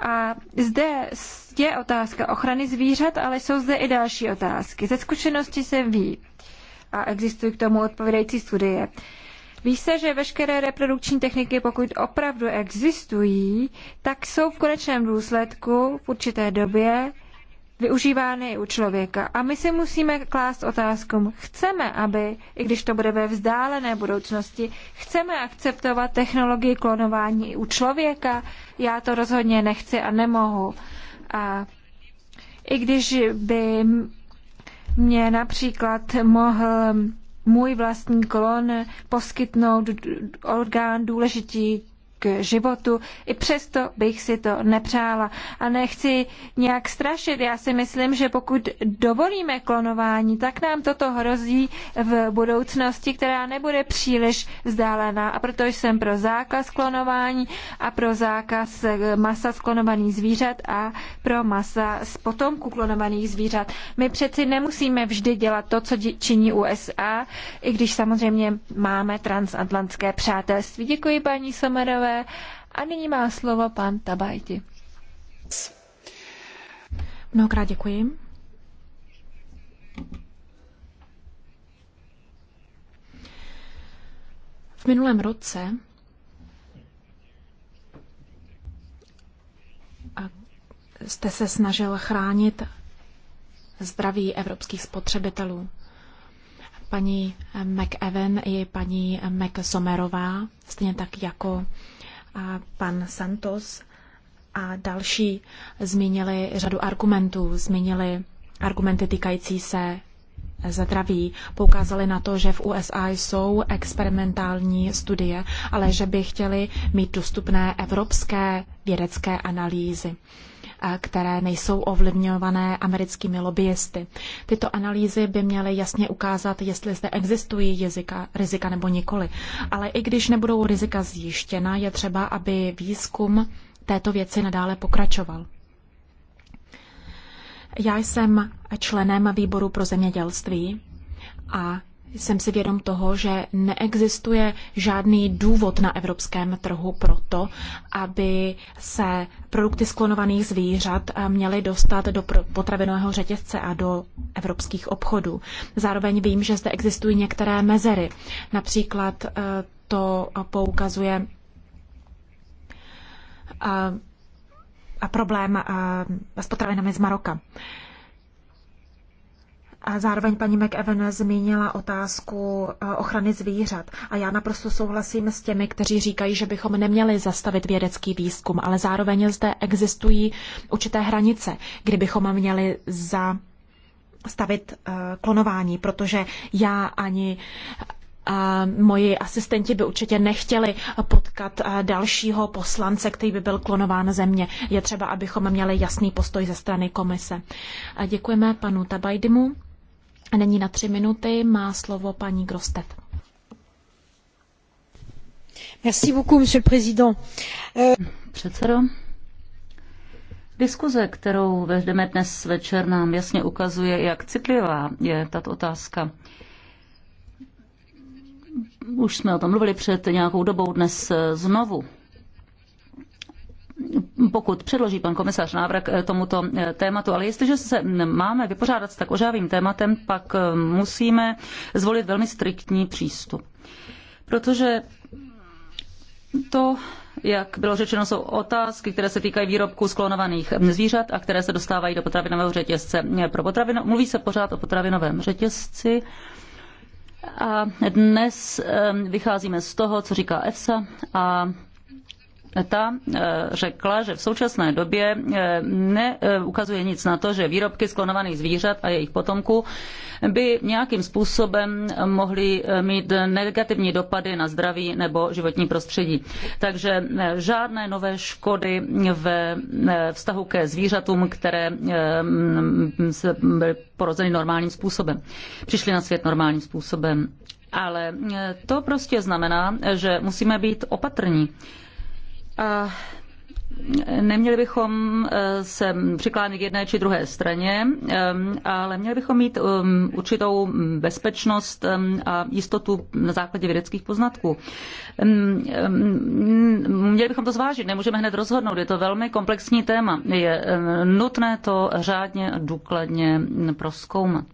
A zde je otázka ochrany zvířat, ale jsou zde i další otázky. Ze zkušenosti se ví, a existují k tomu odpovídající studie. Ví se, že veškeré reprodukční techniky, pokud opravdu existují, tak jsou v konečném důsledku v určité době využívány i u člověka. A my si musíme klást otázku, chceme, aby, i když to bude ve vzdálené budoucnosti, chceme akceptovat technologii klonování u člověka? Já to rozhodně nechci a nemohu. A i když by mě například mohl můj vlastní klon poskytnout orgán důležitý k životu. I přesto bych si to nepřála. A nechci nějak strašit. Já si myslím, že pokud dovolíme klonování, tak nám toto hrozí v budoucnosti, která nebude příliš vzdálená. A proto jsem pro zákaz klonování a pro zákaz eh, masa z klonovaných zvířat a pro masa z potomků klonovaných zvířat. My přeci nemusíme vždy dělat to, co činí USA, i když samozřejmě máme transatlantské přátelství. Děkuji paní Somerové kolegové. A nyní má slovo pan Tabajti. Mnohokrát děkuji. V minulém roce jste se snažil chránit zdraví evropských spotřebitelů. Paní McEwen i paní McSomerová, stejně tak jako pan Santos a další zmínili řadu argumentů, zmínili argumenty týkající se zdraví. Poukázali na to, že v USA jsou experimentální studie, ale že by chtěli mít dostupné evropské vědecké analýzy které nejsou ovlivňované americkými lobbyisty. Tyto analýzy by měly jasně ukázat, jestli zde existují jazyka, rizika nebo nikoli. Ale i když nebudou rizika zjištěna, je třeba, aby výzkum této věci nadále pokračoval. Já jsem členem výboru pro zemědělství a jsem si vědom toho, že neexistuje žádný důvod na evropském trhu pro to, aby se produkty sklonovaných zvířat eh, měly dostat do potravinového řetězce a do evropských obchodů. Zároveň vím, že zde existují některé mezery. Například eh, to poukazuje eh, a problém s potravinami z Maroka. A zároveň paní McEwen zmínila otázku eh, ochrany zvířat a já naprosto souhlasím s těmi, kteří říkají, že bychom neměli zastavit vědecký výzkum, ale zároveň zde existují určité hranice, kdybychom měli za stavit eh, klonování, protože já ani eh, moji asistenti by určitě nechtěli potkat dalšího poslance, který by byl klonován země. Je třeba, abychom měli jasný postoj ze strany komise. Děkujeme panu Tabajdimu. A Není na tři minuty, má slovo paní Grostev. Merci beaucoup, monsieur le président. Eh, předsedo, Diskuze, kterou vedeme dnes večer, nám jasně ukazuje, jak citlivá je tato otázka. Už jsme o tom mluvili před nějakou dobou dnes eh, znovu pokud předloží pan komisař návrh eh, tomuto eh, tématu, ale jestliže se máme vypořádat s tak ožávým tématem, pak eh, musíme zvolit velmi striktní přístup. Protože to jak bylo řečeno, jsou otázky, které se týkají výrobků sklonovaných zvířat a které se dostávají do potravinového řetězce. Pro potravino, mluví se pořád o potravinovém řetězci. A dnes vycházíme z toho, co říká EFSA a ta eh, řekla, že v současné době eh, neukazuje eh, nic na to, že výrobky sklonovaných zvířat a jejich potomků by nějakým způsobem mohly mít negativní dopady na zdraví nebo životní prostředí. Takže žádné nové škody ve vztahu ke zvířatům, které mm, byly porozeny normálním způsobem, přišly na svět normálním způsobem. Ale to prostě znamená, že musíme být opatrní a Neměli bychom eh, se přiklánit k jedné či druhé straně, eh, ale měli bychom mít eh, určitou bezpečnost a jistotu na základě vědeckých poznatků. Měli bychom to zvážit, nemůžeme hned rozhodnout, je to velmi komplexní téma. Je nutné to řádně a důkladně proskoumat.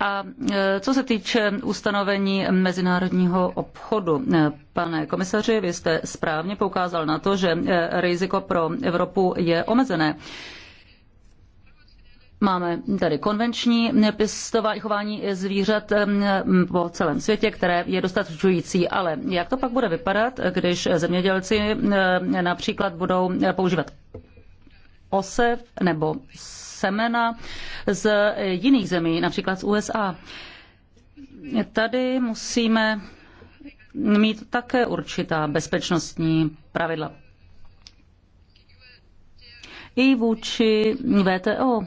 A e, co se týče ustanovení mezinárodního obchodu, e, pane komisaři, vy jste správně poukázal na to, že e, riziko pro Evropu je omezené. Máme tady konvenční pěstování chování zvířat po celém světě, které je dostatečující, ale jak to pak bude vypadat, když zemědělci například budou používat osev nebo semena z jiných zemí, například z USA. Tady musíme mít také určitá bezpečnostní pravidla. I vůči VTO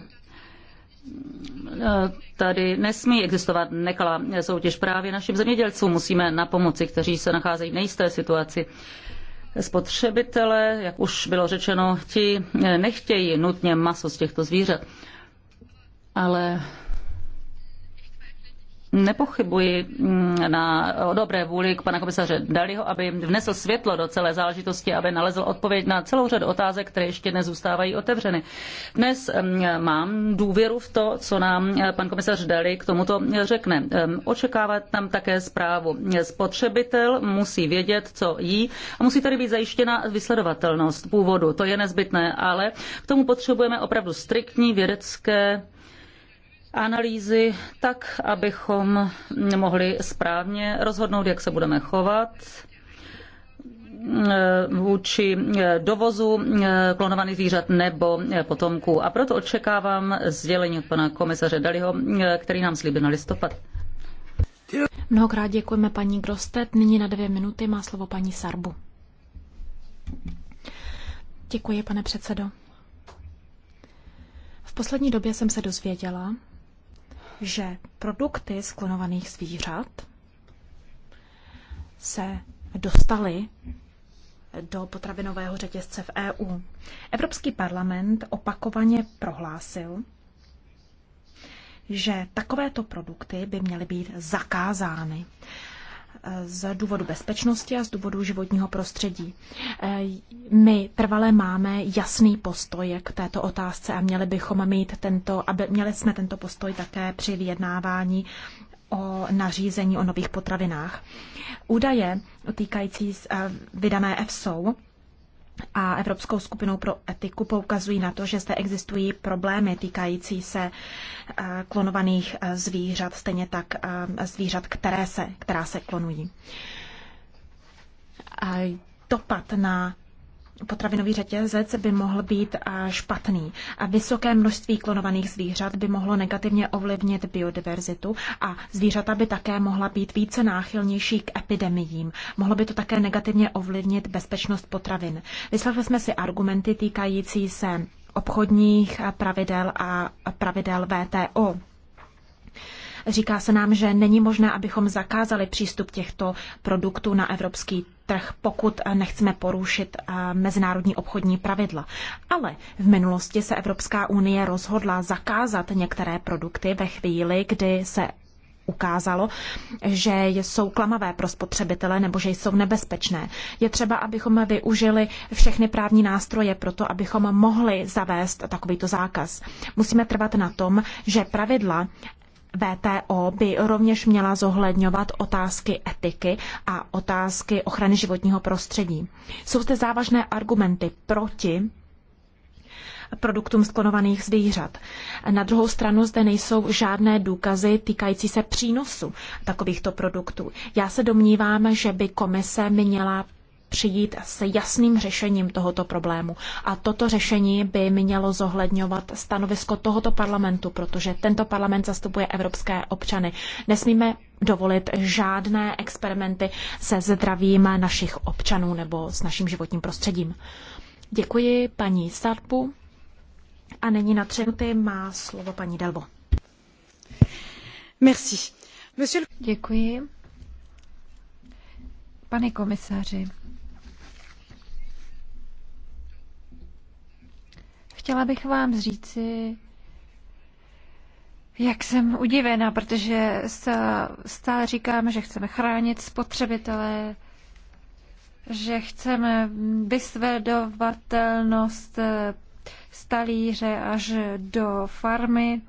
tady nesmí existovat nekalá soutěž právě našim zemědělcům. Musíme na pomoci, kteří se nacházejí v nejisté situaci. Spotřebitele, jak už bylo řečeno, ti nechtějí nutně maso z těchto zvířat, ale nepochybuji mm, na, dobré vůli k pana komisaře Daliho, aby vnesl světlo do celé záležitosti, aby nalezl odpověď na celou řadu otázek, které ještě dnes zůstávají otevřeny. Dnes mm, mám důvěru v to, co nám eh, pan komisař Dali k tomuto řekne. Ehm, očekávat tam také zprávu. Spotřebitel musí vědět, co jí a musí tady být zajištěna vysledovatelnost původu. To je nezbytné, ale k tomu potřebujeme opravdu striktní vědecké analýzy tak, abychom mohli správně rozhodnout, jak se budeme chovat eh, vůči eh, dovozu eh, klonovaných zvířat nebo potomků. A proto očekávám sdělení od pana komisaře Daliho, který nám slíbil na listopad. Mnohokrát děkujeme paní Grostet. Nyní na dvě minuty má slovo paní Sarbu. Děkuji, pane předsedo. V poslední době jsem se dozvěděla, že produkty z klonovaných zvířat se dostaly do potravinového řetězce v EU. Evropský parlament opakovaně prohlásil, že takovéto produkty by měly být zakázány z důvodu bezpečnosti a z důvodu životního prostředí. E, my trvale máme jasný postoj k této otázce a měli bychom mít tento, aby měli jsme tento postoj také při vyjednávání o nařízení o nových potravinách. Údaje týkající e, vydané FSO a Evropskou skupinou pro etiku poukazují na to, že zde existují problémy týkající se eh, klonovaných eh, zvířat, stejně tak eh, zvířat, které se, která se klonují. A dopad na potravinový řetězec by mohl být špatný. A vysoké množství klonovaných zvířat by mohlo negativně ovlivnit biodiverzitu a zvířata by také mohla být více náchylnější k epidemiím. Mohlo by to také negativně ovlivnit bezpečnost potravin. Vyslechli jsme si argumenty týkající se obchodních pravidel a pravidel VTO. Říká se nám, že není možné, abychom zakázali přístup těchto produktů na evropský trh, pokud eh, nechceme porušit eh, mezinárodní obchodní pravidla. Ale v minulosti se Evropská unie rozhodla zakázat některé produkty ve chvíli, kdy se ukázalo, že jsou klamavé pro spotřebitele nebo že jsou nebezpečné. Je třeba, abychom využili všechny právní nástroje pro to, abychom mohli zavést takovýto zákaz. Musíme trvat na tom, že pravidla VTO by rovněž měla zohledňovat otázky etiky a otázky ochrany životního prostředí. Jsou zde závažné argumenty proti produktům sklonovaných zvířat. Na druhou stranu zde nejsou žádné důkazy týkající se přínosu takovýchto produktů. Já se domnívám, že by komise měla přijít s jasným řešením tohoto problému. A toto řešení by mělo zohledňovat stanovisko tohoto parlamentu, protože tento parlament zastupuje evropské občany. Nesmíme dovolit žádné experimenty se zdravím našich občanů nebo s naším životním prostředím. Děkuji paní Sarpu. A nyní na tři minuty má slovo paní Delvo. Merci. Děkuji. Pane komisaři, chtěla bych vám říci, jak jsem udivena, protože stále říkáme, že chceme chránit spotřebitele, že chceme vysvedovatelnost z eh, talíře až do farmy,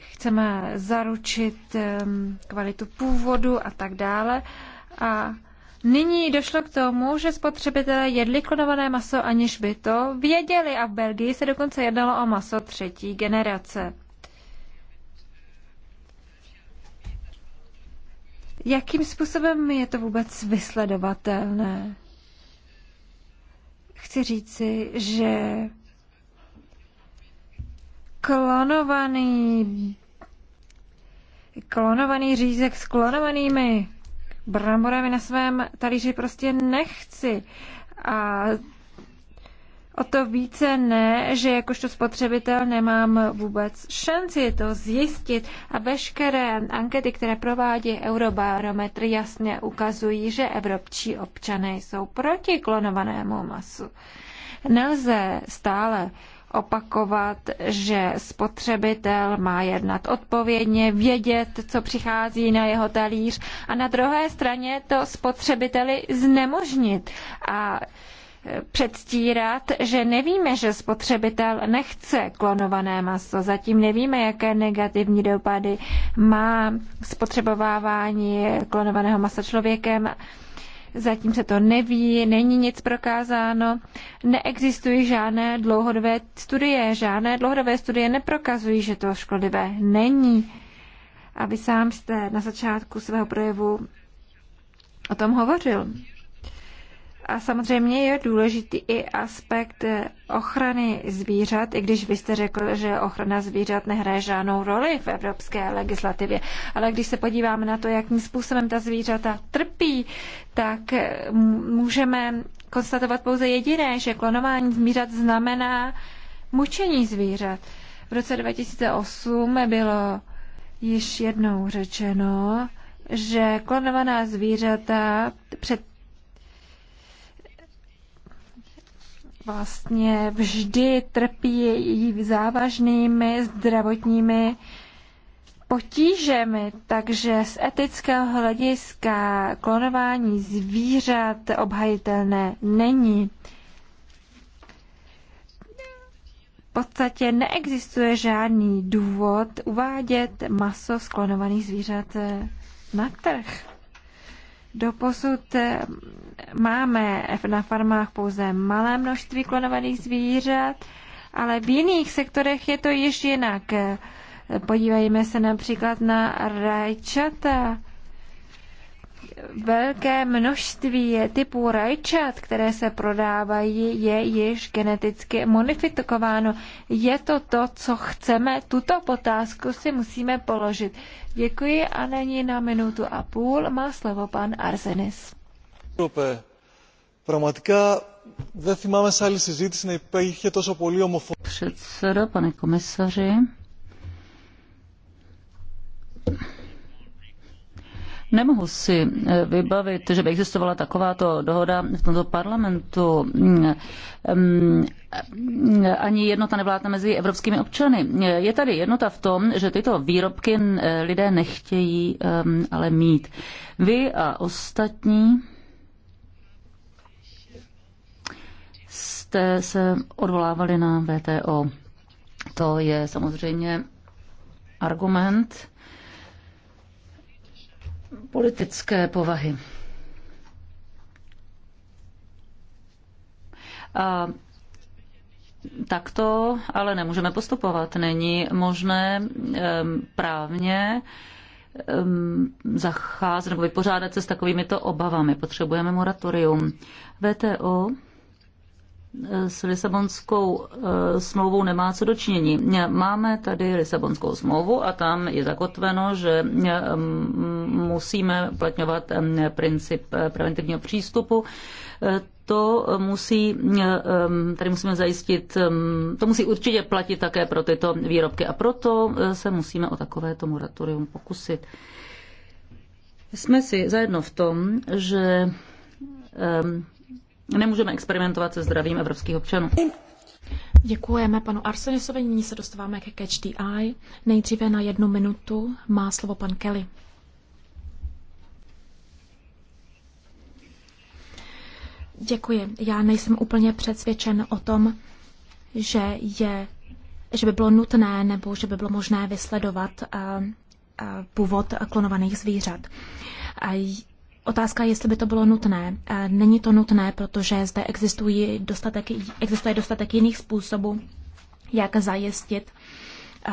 chceme zaručit eh, kvalitu původu a tak dále. A Nyní došlo k tomu, že spotřebitelé jedli klonované maso, aniž by to věděli a v Belgii se dokonce jednalo o maso třetí generace. Jakým způsobem je to vůbec vysledovatelné? Chci říci, že klonovaný klonovaný řízek s klonovanými bramborami na svém talíři prostě nechci. A O to více ne, že jakožto spotřebitel nemám vůbec šanci to zjistit a veškeré ankety, které provádí Eurobarometr, jasně ukazují, že evropčí občané jsou proti klonovanému masu. Nelze stále opakovat, že spotřebitel má jednat odpovědně, vědět, co přichází na jeho talíř a na druhé straně to spotřebiteli znemožnit a e, předstírat, že nevíme, že spotřebitel nechce klonované maso. Zatím nevíme, jaké negativní dopady má spotřebovávání klonovaného masa člověkem zatím se to neví, není nic prokázáno, neexistují žádné dlouhodobé studie, žádné dlouhodobé studie neprokazují, že to škodlivé není. A vy sám jste na začátku svého projevu o tom hovořil. A samozřejmě je důležitý i aspekt ochrany zvířat, i když vy jste řekl, že ochrana zvířat nehraje žádnou roli v evropské legislativě. Ale když se podíváme na to, jakým způsobem ta zvířata trpí, tak můžeme konstatovat pouze jediné, že klonování zvířat znamená mučení zvířat. V roce 2008 bylo již jednou řečeno, že klonovaná zvířata před vlastně vždy trpí závažnými zdravotními potížemi, takže z etického hlediska klonování zvířat obhajitelné není. V podstatě neexistuje žádný důvod uvádět maso z klonovaných zvířat na trh. Doposud máme na farmách pouze malé množství klonovaných zvířat, ale v jiných sektorech je to již jinak. Podívejme se například na rajčata. Velké množství typů rajčat, které se prodávají, je již geneticky modifikováno. Je to to, co chceme? Tuto otázku si musíme položit. Děkuji a není na minutu a půl. Má slovo pan Arzenis πραγματικά δεν θυμάμαι σε άλλη συζήτηση να υπήρχε τόσο πολύ Předsedo, pane komisaři, Nemohu si eh, vybavit, že by existovala takováto dohoda v tomto parlamentu. Mm, mm, mm, ani jednota nevládne mezi evropskými občany. Je tady jednota v tom, že tyto výrobky eh, lidé nechtějí ehm, ale mít. Vy a ostatní jste se odvolávali na VTO. To je samozřejmě argument politické povahy. A takto ale nemůžeme postupovat. Není možné právně zacházet nebo vypořádat se s takovýmito obavami. Potřebujeme moratorium. VTO s Lisabonskou eh, smlouvou nemá co dočinění. Máme tady Lisabonskou smlouvu a tam je zakotveno, že eh, musíme uplatňovat eh, princip preventivního přístupu to musí, tady musíme zajistit, to musí určitě platit také pro tyto výrobky a proto se musíme o takovéto moratorium pokusit. Jsme si zajedno v tom, že nemůžeme experimentovat se zdravím evropských občanů. Děkujeme panu Arsenisovi, nyní se dostáváme ke Catch the Eye. Nejdříve na jednu minutu má slovo pan Kelly. Děkuji. Já nejsem úplně přesvědčen o tom, že je, že by bylo nutné nebo že by bylo možné vysledovat a, eh, a eh, původ klonovaných zvířat. A Otázka, jestli by to bylo nutné. E, není to nutné, protože zde existují dostatek, existuje dostatek jiných způsobů, jak zajistit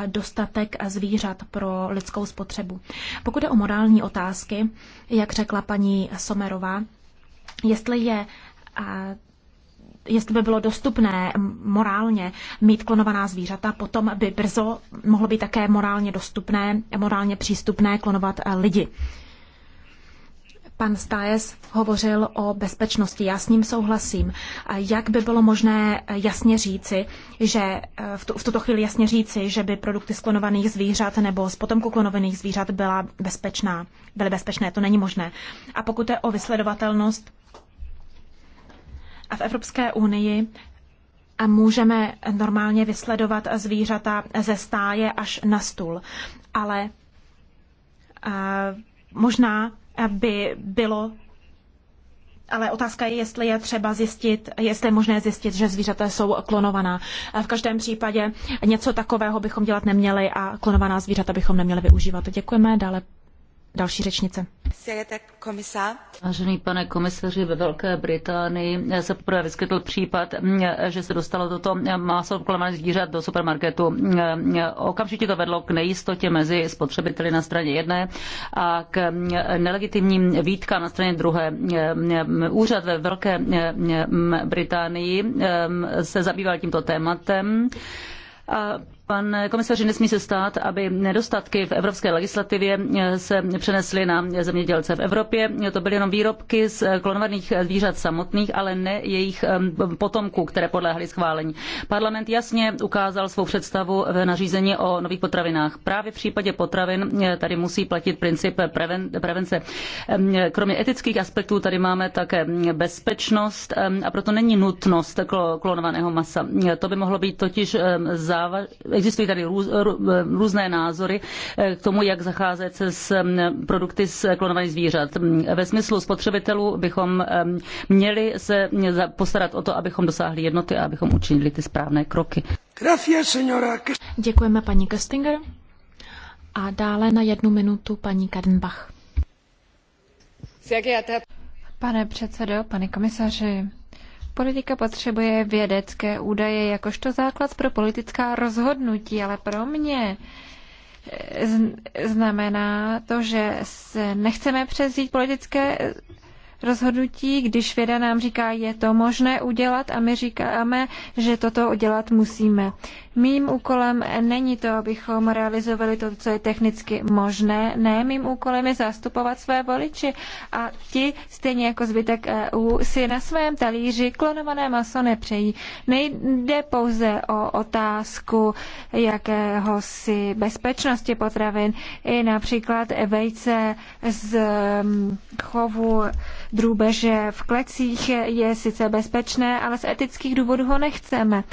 e, dostatek zvířat pro lidskou spotřebu. Pokud je o morální otázky, jak řekla paní Somerová, jestli je jestli by bylo dostupné morálně mít klonovaná zvířata, potom by brzo mohlo být také morálně dostupné, morálně přístupné klonovat e, lidi. Pan Stajes hovořil o bezpečnosti. Já s ním souhlasím. Jak by bylo možné jasně říci, že eh, v, tu, v tuto chvíli jasně říci, že by produkty sklonovaných zvířat nebo z potomku klonovaných zvířat byla bezpečná, byly bezpečné? To není možné. A pokud je o vysledovatelnost, a v Evropské unii a můžeme normálně vysledovat zvířata ze stáje až na stůl. Ale eh, možná by bylo ale otázka je, jestli je třeba zjistit, jestli je možné zjistit, že zvířata jsou klonovaná. V každém případě něco takového bychom dělat neměli a klonovaná zvířata bychom neměli využívat. Děkujeme. Dále další řečnice. Vážený pane komisaři, ve Velké Británii se poprvé vyskytl případ, že se dostalo toto máslo klamaných zvířat do supermarketu. Okamžitě to vedlo k nejistotě mezi spotřebiteli na straně jedné a k nelegitimním výtkám na straně druhé. Úřad ve Velké Británii se zabýval tímto tématem. A Pan komisaři, nesmí se stát, aby nedostatky v evropské legislativě eh, se přenesly na zemědělce v Evropě. To byly jenom výrobky z eh, klonovaných zvířat samotných, ale ne jejich eh, potomků, které podléhaly schválení. Parlament jasně ukázal svou představu v nařízení o nových potravinách. Právě v případě potravin tady musí platit princip prevence. Ehm, kromě etických aspektů tady máme také mm, bezpečnost ehm, a proto není nutnost klonovaného masa. To by mohlo být totiž ehm, závažné existují tady růz, různé názory eh, k tomu, jak zacházet se s mm, produkty z klonovaných zvířat. Mm, ve smyslu spotřebitelů bychom měli se mm, postarat o to, abychom dosáhli jednoty a abychom učinili ty správné kroky. Děkujeme paní Kestinger. A dále na jednu minutu paní Kadenbach. Pane předsedo, pane komisaři, Politika potřebuje vědecké údaje jakožto základ pro politická rozhodnutí, ale pro mě eh, znamená to, že se nechceme přezít politické rozhodnutí, když věda nám říká, je to možné udělat a my říkáme, že toto udělat musíme. Mým úkolem není to, abychom realizovali to, co je technicky možné. Ne, mým úkolem je zastupovat své voliče a ti, stejně jako zbytek EU, si na svém talíři klonované maso nepřejí. Nejde pouze o otázku jakéhosi bezpečnosti potravin, i například vejce z mm, chovu drůbeže v klecích je sice bezpečné, ale z etických důvodů ho nechceme.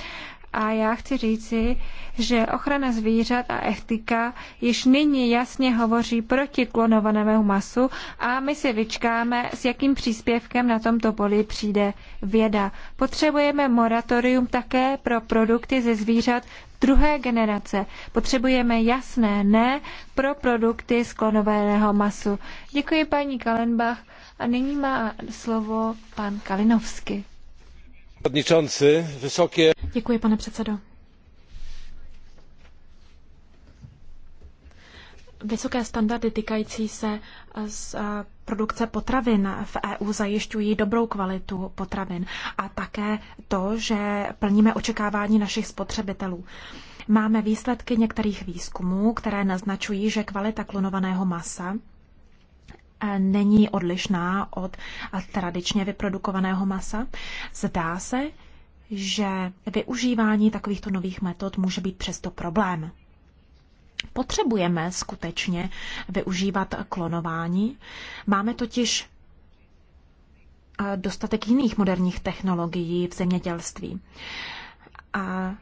A já chci říci, že ochrana zvířat a etika již nyní jasně hovoří proti klonovanému masu a my si vyčkáme, s jakým příspěvkem na tomto poli přijde věda. Potřebujeme moratorium také pro produkty ze zvířat druhé generace. Potřebujeme jasné ne pro produkty z klonovaného masu. Děkuji paní Kalenbach a nyní má slovo pan Kalinovsky pane předsedo. Vysoké standardy týkající se eh, z eh, produkce potravin v EU zajišťují dobrou kvalitu potravin a také to, že plníme očekávání našich spotřebitelů. Máme výsledky některých výzkumů, které naznačují, že kvalita klonovaného masa není odlišná od tradičně vyprodukovaného masa. Zdá se, že využívání takovýchto nových metod může být přesto problém. Potřebujeme skutečně využívat klonování. Máme totiž eh, dostatek jiných moderních technologií v zemědělství. A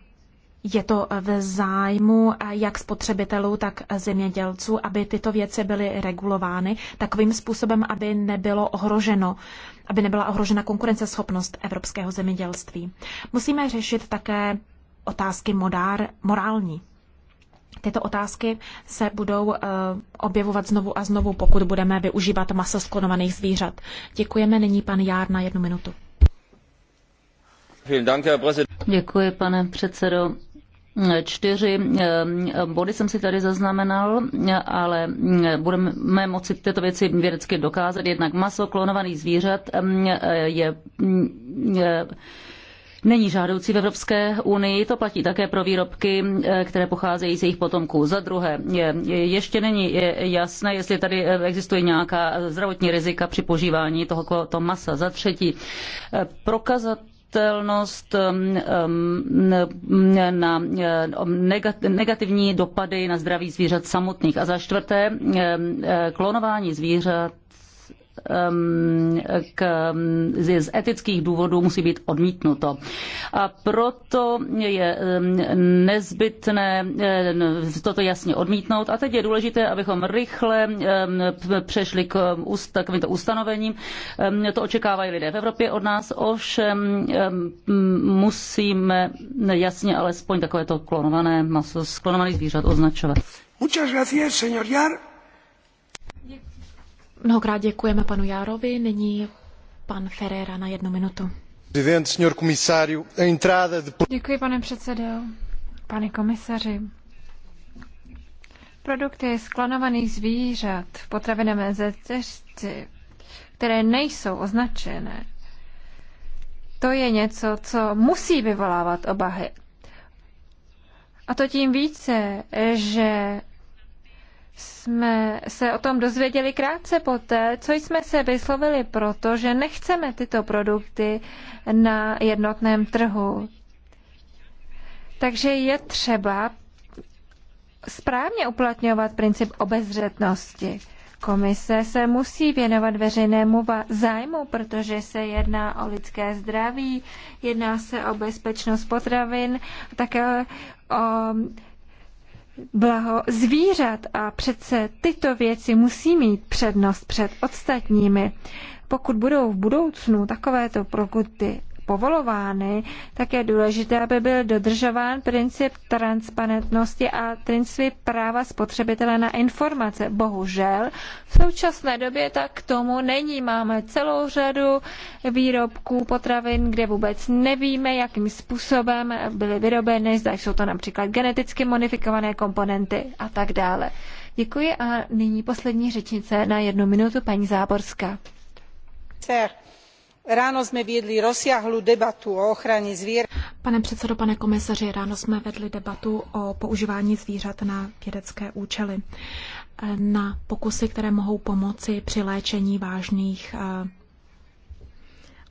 je to v zájmu jak spotřebitelů, tak zemědělců, aby tyto věci byly regulovány takovým způsobem, aby nebylo ohroženo aby nebyla ohrožena konkurenceschopnost evropského zemědělství. Musíme řešit také otázky modár, morální. Tyto otázky se budou uh, objevovat znovu a znovu, pokud budeme využívat maso sklonovaných zvířat. Děkujeme nyní pan Jár na jednu minutu. Děkuji, pane předsedo. Čtyři eh, body jsem si tady zaznamenal, ale eh, budeme moci tyto věci vědecky dokázat. Jednak maso klonovaných zvířat mm, eh, je, mm, je není žádoucí v Evropské unii. To platí také pro výrobky, které pocházejí z jejich potomků. Za druhé, je, ještě není jasné, jestli tady existuje nějaká zdravotní rizika při požívání toho, toho masa. Za třetí, prokazat zranitelnost um, um, na um, negativní dopady na zdraví zvířat samotných. A za čtvrté, eh, klonování zvířat Um, k, um, z etických důvodů musí být odmítnuto. A proto je um, nezbytné toto jasně odmítnout. A teď je důležité, abychom rychle přešli k takovýmto ustanovením. To očekávají lidé v Evropě od nás, ovšem musíme jasně alespoň takovéto klonované maso z zvířat označovat. Muchas gracias, señor Yar. Mnohokrát děkujeme panu Járovi. Nyní pan Ferreira na jednu minutu. Děkuji, pane předsedo. Pane komisaři, produkty z klonovaných zvířat v potravinové zeteřci, které nejsou označené, to je něco, co musí vyvolávat obahy. A to tím více, že jsme se o tom dozvěděli krátce poté, co jsme se vyslovili proto, že nechceme tyto produkty na jednotném trhu. Takže je třeba správně uplatňovat princip obezřetnosti. Komise se musí věnovat veřejnému zájmu, protože se jedná o lidské zdraví, jedná se o bezpečnost potravin, také o blaho zvířat a přece tyto věci musí mít přednost před ostatními. Pokud budou v budoucnu takovéto prokuty povolovány, tak je důležité, aby byl dodržován princip transparentnosti a princip práva spotřebitele na informace. Bohužel v současné době tak k tomu není. Máme celou řadu výrobků potravin, kde vůbec nevíme, jakým způsobem byly vyrobeny, zda jsou to například geneticky modifikované komponenty a tak dále. Děkuji a nyní poslední řečnice na jednu minutu, paní Záborská. Sir. Ráno jsme vedli rozsáhlou debatu o ochraně zvířat. Pane předsedo, pane komisaři, ráno jsme vedli debatu o používání zvířat na vědecké účely, na pokusy, které mohou pomoci při léčení vážných eh,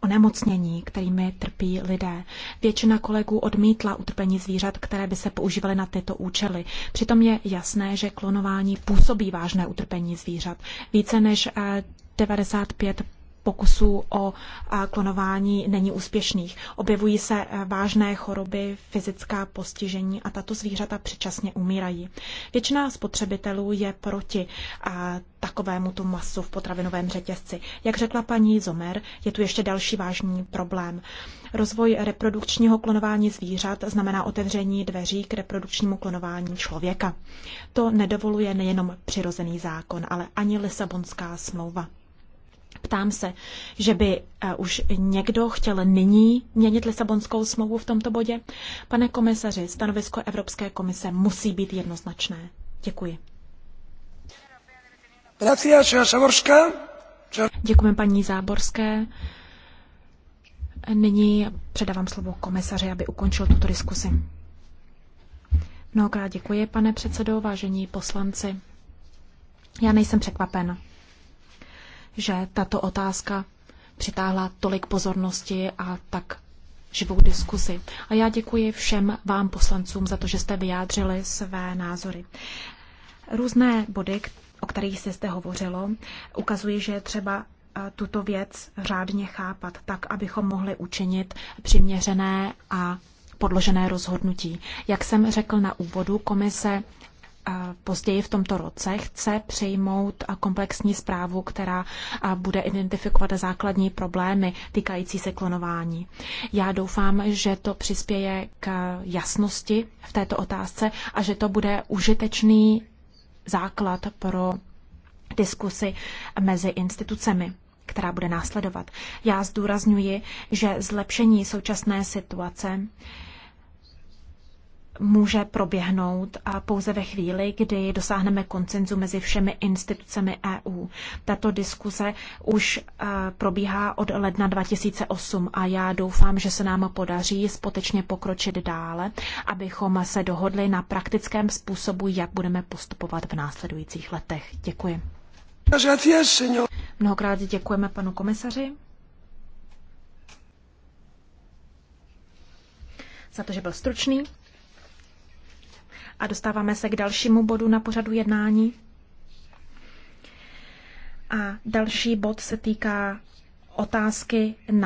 onemocnění, kterými trpí lidé. Většina kolegů odmítla utrpení zvířat, které by se používaly na tyto účely. Přitom je jasné, že klonování působí vážné utrpení zvířat. Více než 95 eh, pokusů o klonování není úspěšných. Objevují se eh, vážné choroby, fyzická postižení a tato zvířata předčasně umírají. Většina spotřebitelů je proti takovému tu masu v potravinovém řetězci. Jak řekla paní Zomer, je tu ještě další vážný problém. Rozvoj reprodukčního klonování zvířat znamená otevření dveří k reprodukčnímu klonování člověka. To nedovoluje nejenom přirozený zákon, ale ani Lisabonská smlouva. Ptám se, že by eh, už někdo chtěl nyní měnit Lisabonskou smlouvu v tomto bodě? Pane komisaři, stanovisko Evropské komise musí být jednoznačné. Děkuji. Děkuji paní Záborské. Nyní předávám slovo komisaři, aby ukončil tuto diskusi. Mnohokrát děkuji, pane předsedo, vážení poslanci. Já nejsem překvapen že tato otázka přitáhla tolik pozornosti a tak živou diskusi. A já děkuji všem vám poslancům za to, že jste vyjádřili své názory. Různé body, o kterých se zde hovořilo, ukazují, že je třeba e, tuto věc řádně chápat tak, abychom mohli učinit přiměřené a podložené rozhodnutí. Jak jsem řekl na úvodu, komise později v tomto roce chce přejmout komplexní zprávu, která bude identifikovat základní problémy týkající se klonování. Já doufám, že to přispěje k jasnosti v této otázce a že to bude užitečný základ pro diskusy mezi institucemi která bude následovat. Já zdůrazňuji, že zlepšení současné situace může proběhnout a pouze ve chvíli, kdy dosáhneme koncenzu mezi všemi institucemi EU. Tato diskuse už eh, probíhá od ledna 2008 a já doufám, že se nám podaří spotečně pokročit dále, abychom se dohodli na praktickém způsobu, jak budeme postupovat v následujících letech. Děkuji. Mnohokrát děkujeme panu komisaři. za to, že byl stručný. A dostáváme se k dalšímu bodu na pořadu jednání. A další bod se týká otázky na